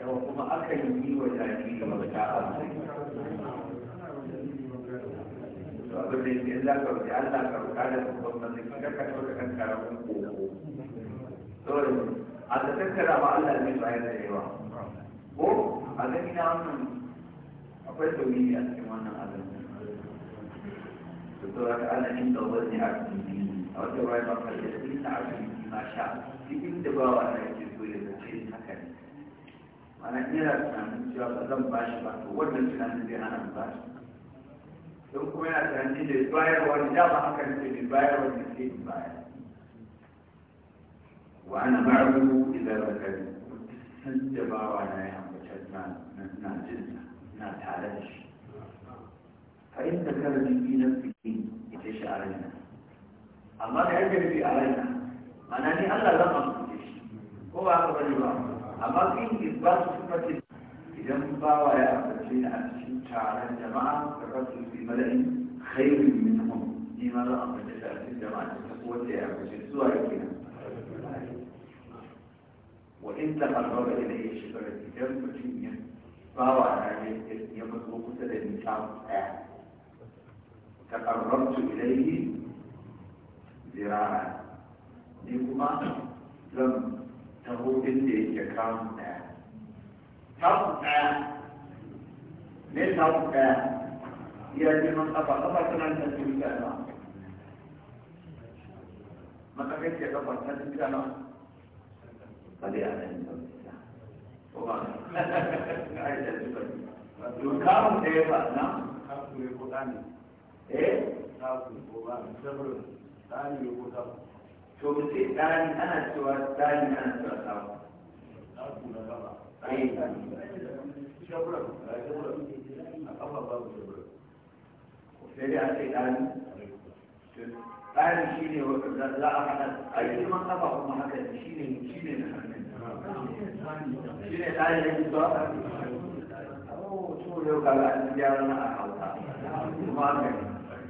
yawa kuma akan yi wa jariri mafita a mazaki musu abin da yake in za ka wuce Allah ka da kan ka ka kan a ta tattara Allah ko a gani na wannan akwai tauri a cikin wannan abin da saboda a cikin a wata ba ka da cikin abin ma sha cikin da so ya zace haka ne ma'ana ina tunanin cewa ba zan ba shi ba to wannan tunanin zai hana ba shi don kuma yana tunanin da bayarwa ne da ba haka nake ne bayarwa ne ke in bayar wa ana ma'aru idan zakari san da bawa na ya ambatar na jin na tare da shi fa in da kar jiki na fiki ita shi a raina amma da yake nufi a raina mana ni Allah zan ambace shi ko ba haka bane ba amma kin isbatu sifatin ينفع ويعمل في نفسه تعالى الجماعة فقط في ملأ خير منهم لما رأى في نفسه الجماعة قوة يعمل في وإن تقرب إليه شفرة جنب الدنيا فهو على يده يمسك قتل النشاط تقربت إليه ذراعا لكما لم تهو بنتي كام نعم taku ɗaya ne taku ɗaya iya girman ƙafa ƙafa tana da jirga na makakai ce ƙafa ta jirga na kada ya ɗan jirga ko ba a yi da jirga to kamun ɗaya ba na kamun ne ko ɗani eh kamun ko ba saboda ɗani ne ko kamun to mu ce ɗani ana cewa ɗani ana cewa kamun ɗani na gaba sai dai ɗani shi ne za a haɗa aiki man kafa kuma haka shi ne shi ne na hannun shi ne ɗani da jiso a to yau kaga an ji yara na a hauta kuma haka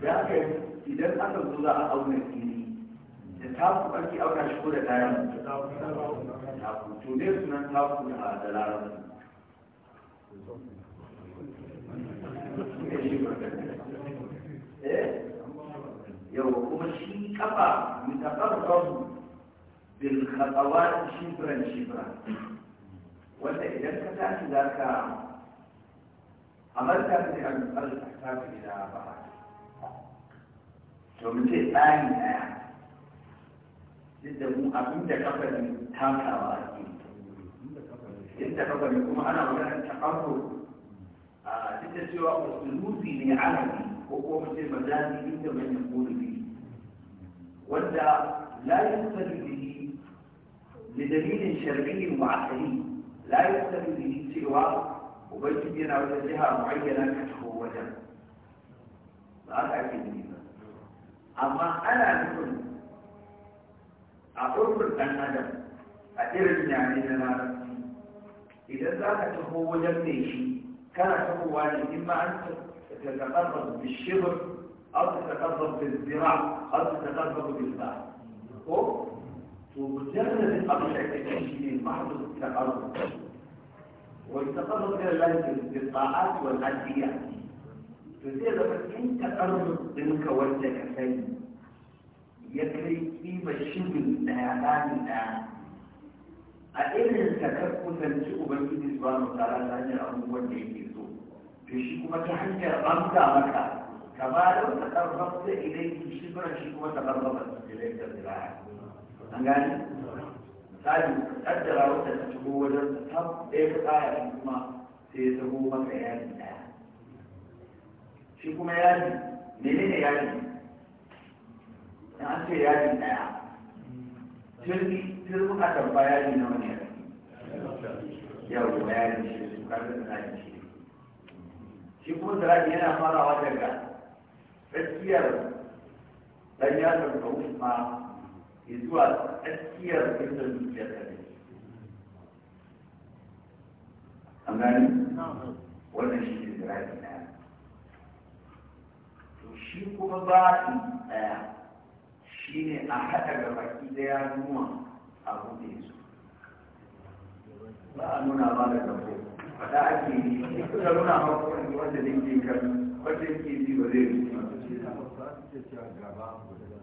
ya kai idan aka zo za a auna fili da tafi ɓarki auna shi ko da ɗayan taku to ne sunan taku a da larabci eh? yau kuma shi kafa mutakarrabu bil khatawat shibran shibran wanda idan ka tashi za ka amalta ka ne al misali da gida ba to mu ce tsari daya duk da mu abin da kafarin takawa ke yadda kafarin kuma ana maganar takafu a duk da cewa musulmusi ne arabi ko kuma mace mazaji inda manyan gurbi wanda la yusali bihi lidalilin shar'iyyin wa asali sani da bihi cewa ubangiji yana wata jiha muayyana ka taho wajen ba a ake yi ba amma ana nufin a ɗorkun ɗan a irin yare na idan za ka taho wajen mai shi kana tahowa ne in ba an tattakarwa da shibir an tattakarwa da zira an tattakarwa da zira ko to mujallar abu da ke kan shi ne masu tattakarwa wani tattakarwa da lalata da ba'atu wa lafiya to zai zama cikin ɗinka wanda ka sani ya kai kima shirin daya rami daya a irin ka ka kusanci ubangiji su ba mu tsara ta hanyar abubuwan da yake so to shi kuma ta hanyar amsa maka ka ba da wata karfafa idan shi kuma shi kuma ta karfafa su ilai da ziraya an gani misali kaddara wata ta shigo wajen tab ɗaya ta tsaya kuma sai ya taho maka yadi daya shi kuma yadi menene yaji. in an ce yadi ɗaya turmi a tamba yadi na wani yadi yau da yadi shi su kada da zaki shi shi kuma zaki yana farawa daga tsakiyar dan yasar ka ma zuwa tsakiyar inda zuciyar ka an gani wannan shi ne zaki shi kuma ba ɗaya shi ne a haɗa ga baki daya nuna a buɗe su ba a nuna ba da gabo da ake yi da nuna haƙoƙin wanda da ke kan wanda ke ji ba zai yi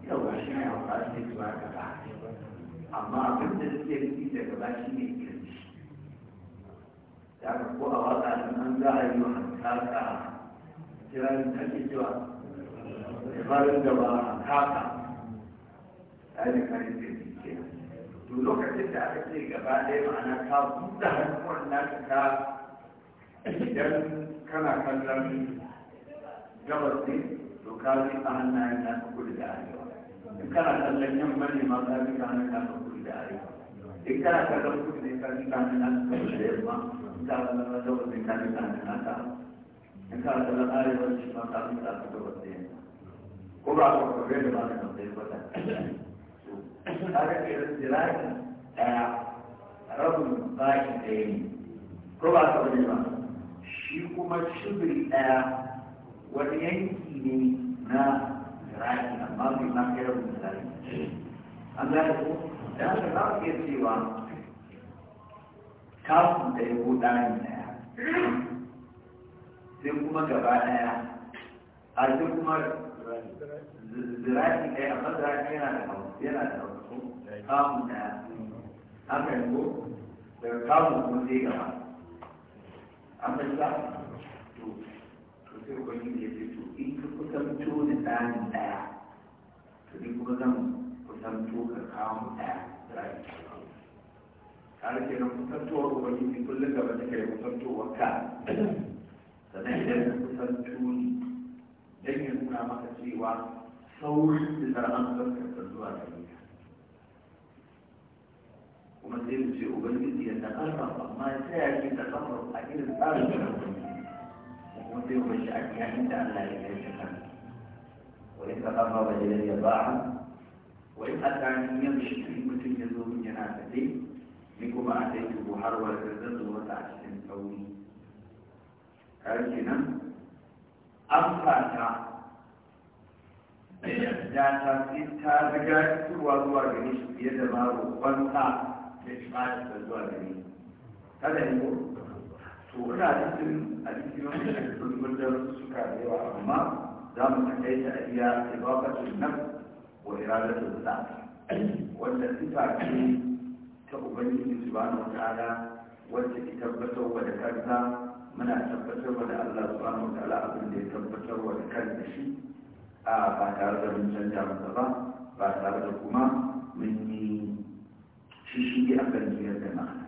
yawa shi ne a fashe zuwa gaba amma abin da suke yi da gaba shi ne kirji da aka ko a wata nan za a yi wa hankaka kiran da ake cewa da farin gaba hankaka ɗari farin ciki ke to lokacin da aka ce gaba ɗaya ma'ana ka buɗe hannuwan naka ka idan kana kallon gabas ne to ka bi a hannayen naka kudu da arewa in kana kallon yamma ne ma ka bi a hannayen naka kudu da arewa in kana kallon kudu ne ka bi a hannayen naka kudu da yamma in kana kallon gabas ne ka bi a hannayen naka in kana kallon arewa ne ma ka bi a hannayen naka kudu da yamma ko ba ka kwafe da ba ka kwafe ba haka irin ziraki ɗaya rabin baki ɗaya ne ko ba ka wani ba shi kuma shibiri ɗaya wani yanki ne na ziraki amma bai ma kai rabin ziraki an gane ko da haka za ku iya cewa kafin ɗaya ko ɗani ɗaya sai kuma gaba ɗaya a sai kuma ziraki ɗaya amma ziraki yana da hau yana da hau kamun da aka yi ko daga kamun kuma sai gaba an bai ba to to sai ko da ya ce to in ka kusanto da tsarin ɗaya to ni kuma zan kusanto ka kamun ɗaya tsarin kare ke nan kusantowar ubangiji kullum gaba take da kusantowar ka sannan idan ka kusanto ni dan ya nuna maka cewa saurin da zaran kusantar zuwa gaba kuma sai mu ce ubangiji ya karfa amma ta ta takarra a irin tsarin da kuma kuma sai mu shi a yayin da Allah ya kai shi kan wa in takarra ba jiran ya ba'a wa in tsakanin yamshi mutum ya zo min yana dai. ni kuma a sai tubu har wa da zan zo mata a cikin tsauri kar nan an fata da ta ta riga zuwa zuwa gare shi fiye da maro kwanta da imanin da zuwa gare ni kada ni ko to ina cikin a cikin wani da sun da suka da yawa amma za mu kai ta a iya ibaqatul nan wa iradatul sa wanda sifa ce ta ubangiji na wataala wacce ki tabbatar wa da kanta muna tabbatar wa da Allah subhanahu wataala abin da ya tabbatar wa da kanta shi a ba tare da mun canja masa ba ba tare da kuma mun yi shi shi ya akan jiyar da ma'ana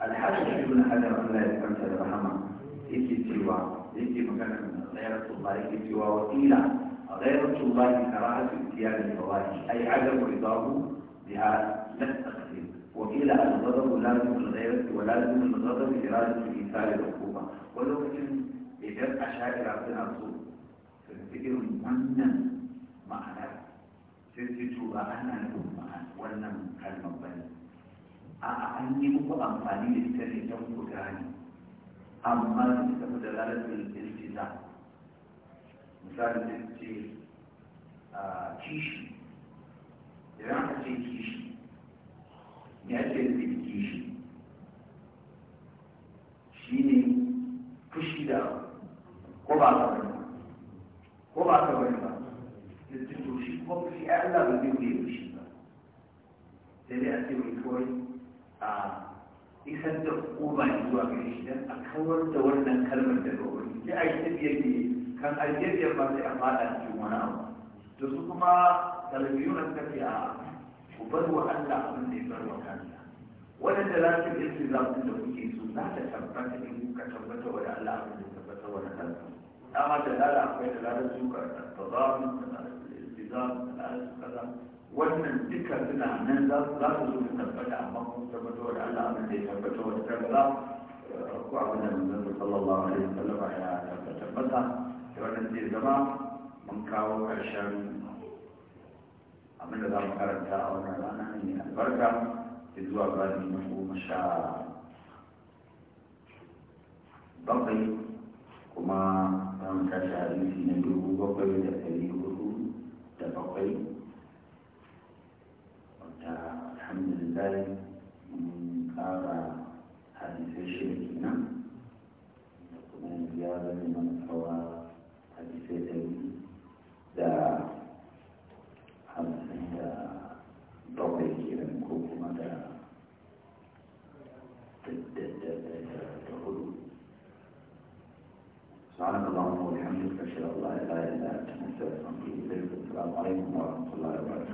alhaji shi na hada Allah ya kanta da rahama yake cewa yake magana da tsayar tuba yake cewa wakila a tsayar tuba ne karatu tiya da kawai ai adam ridahu biha la taqdir وقيل الغضب لازم الغيرة ولازم الغضب إرادة الإنسان العقوبة ولو كان إذا أشاعر عبدنا رسول فالفكر أن معنى سيرتي توبة أنا لكم معنى ولم كلمة بني a an yi muku amfani da ita ne don ku gane amma su tafi da lalatul iltiza misali da ce kishi idan aka ce kishi ya ce da kishi shi ne fushi da ko ba ka bari ko ba ka bari ba da tuto shi ko fushi ya Allah ba zai wuce shi ba sai dai a ce mai kawai Isan isar da hukuma zuwa gare shi don a kawar da wannan kalmar daga wani sai a yi tafiya ne kan algeria ba sai a fada cikin wani abu da su kuma talabiyu na tafi ku bar wa allah abin da ya bar wa kansa waɗanda za su yi za su da kuke so za ta tabbata in ka tabbata wa allah abin da tabbata wa kansa dama da lala akwai da lala su ka tabbata da lala su ka tabbata da lala su ka wannan duka suna nan za su zo su tabbata amma kuma tabbato da Allah abin da ya tabbato da tabbata ko abin da manzon sallallahu alaihi wasallam ya tabbatar masa da wannan zai zama mun kawo karshen abin da za mu karanta a wannan rana ne albarka da zuwa bani na goma sha bakwai kuma za mu tashi hadisi na dubu bakwai da ɗari hudu da bakwai da alhamdulillah mun kara hadisai kenan da kuma ya zama mana tsawa hadisai ɗari da hamsin da bakwai kenan ko kuma da سبحانك اللهم وبحمدك اشهد ان لا اله الا انت نستغفرك ونتوب اليك السلام عليكم ورحمه الله وبركاته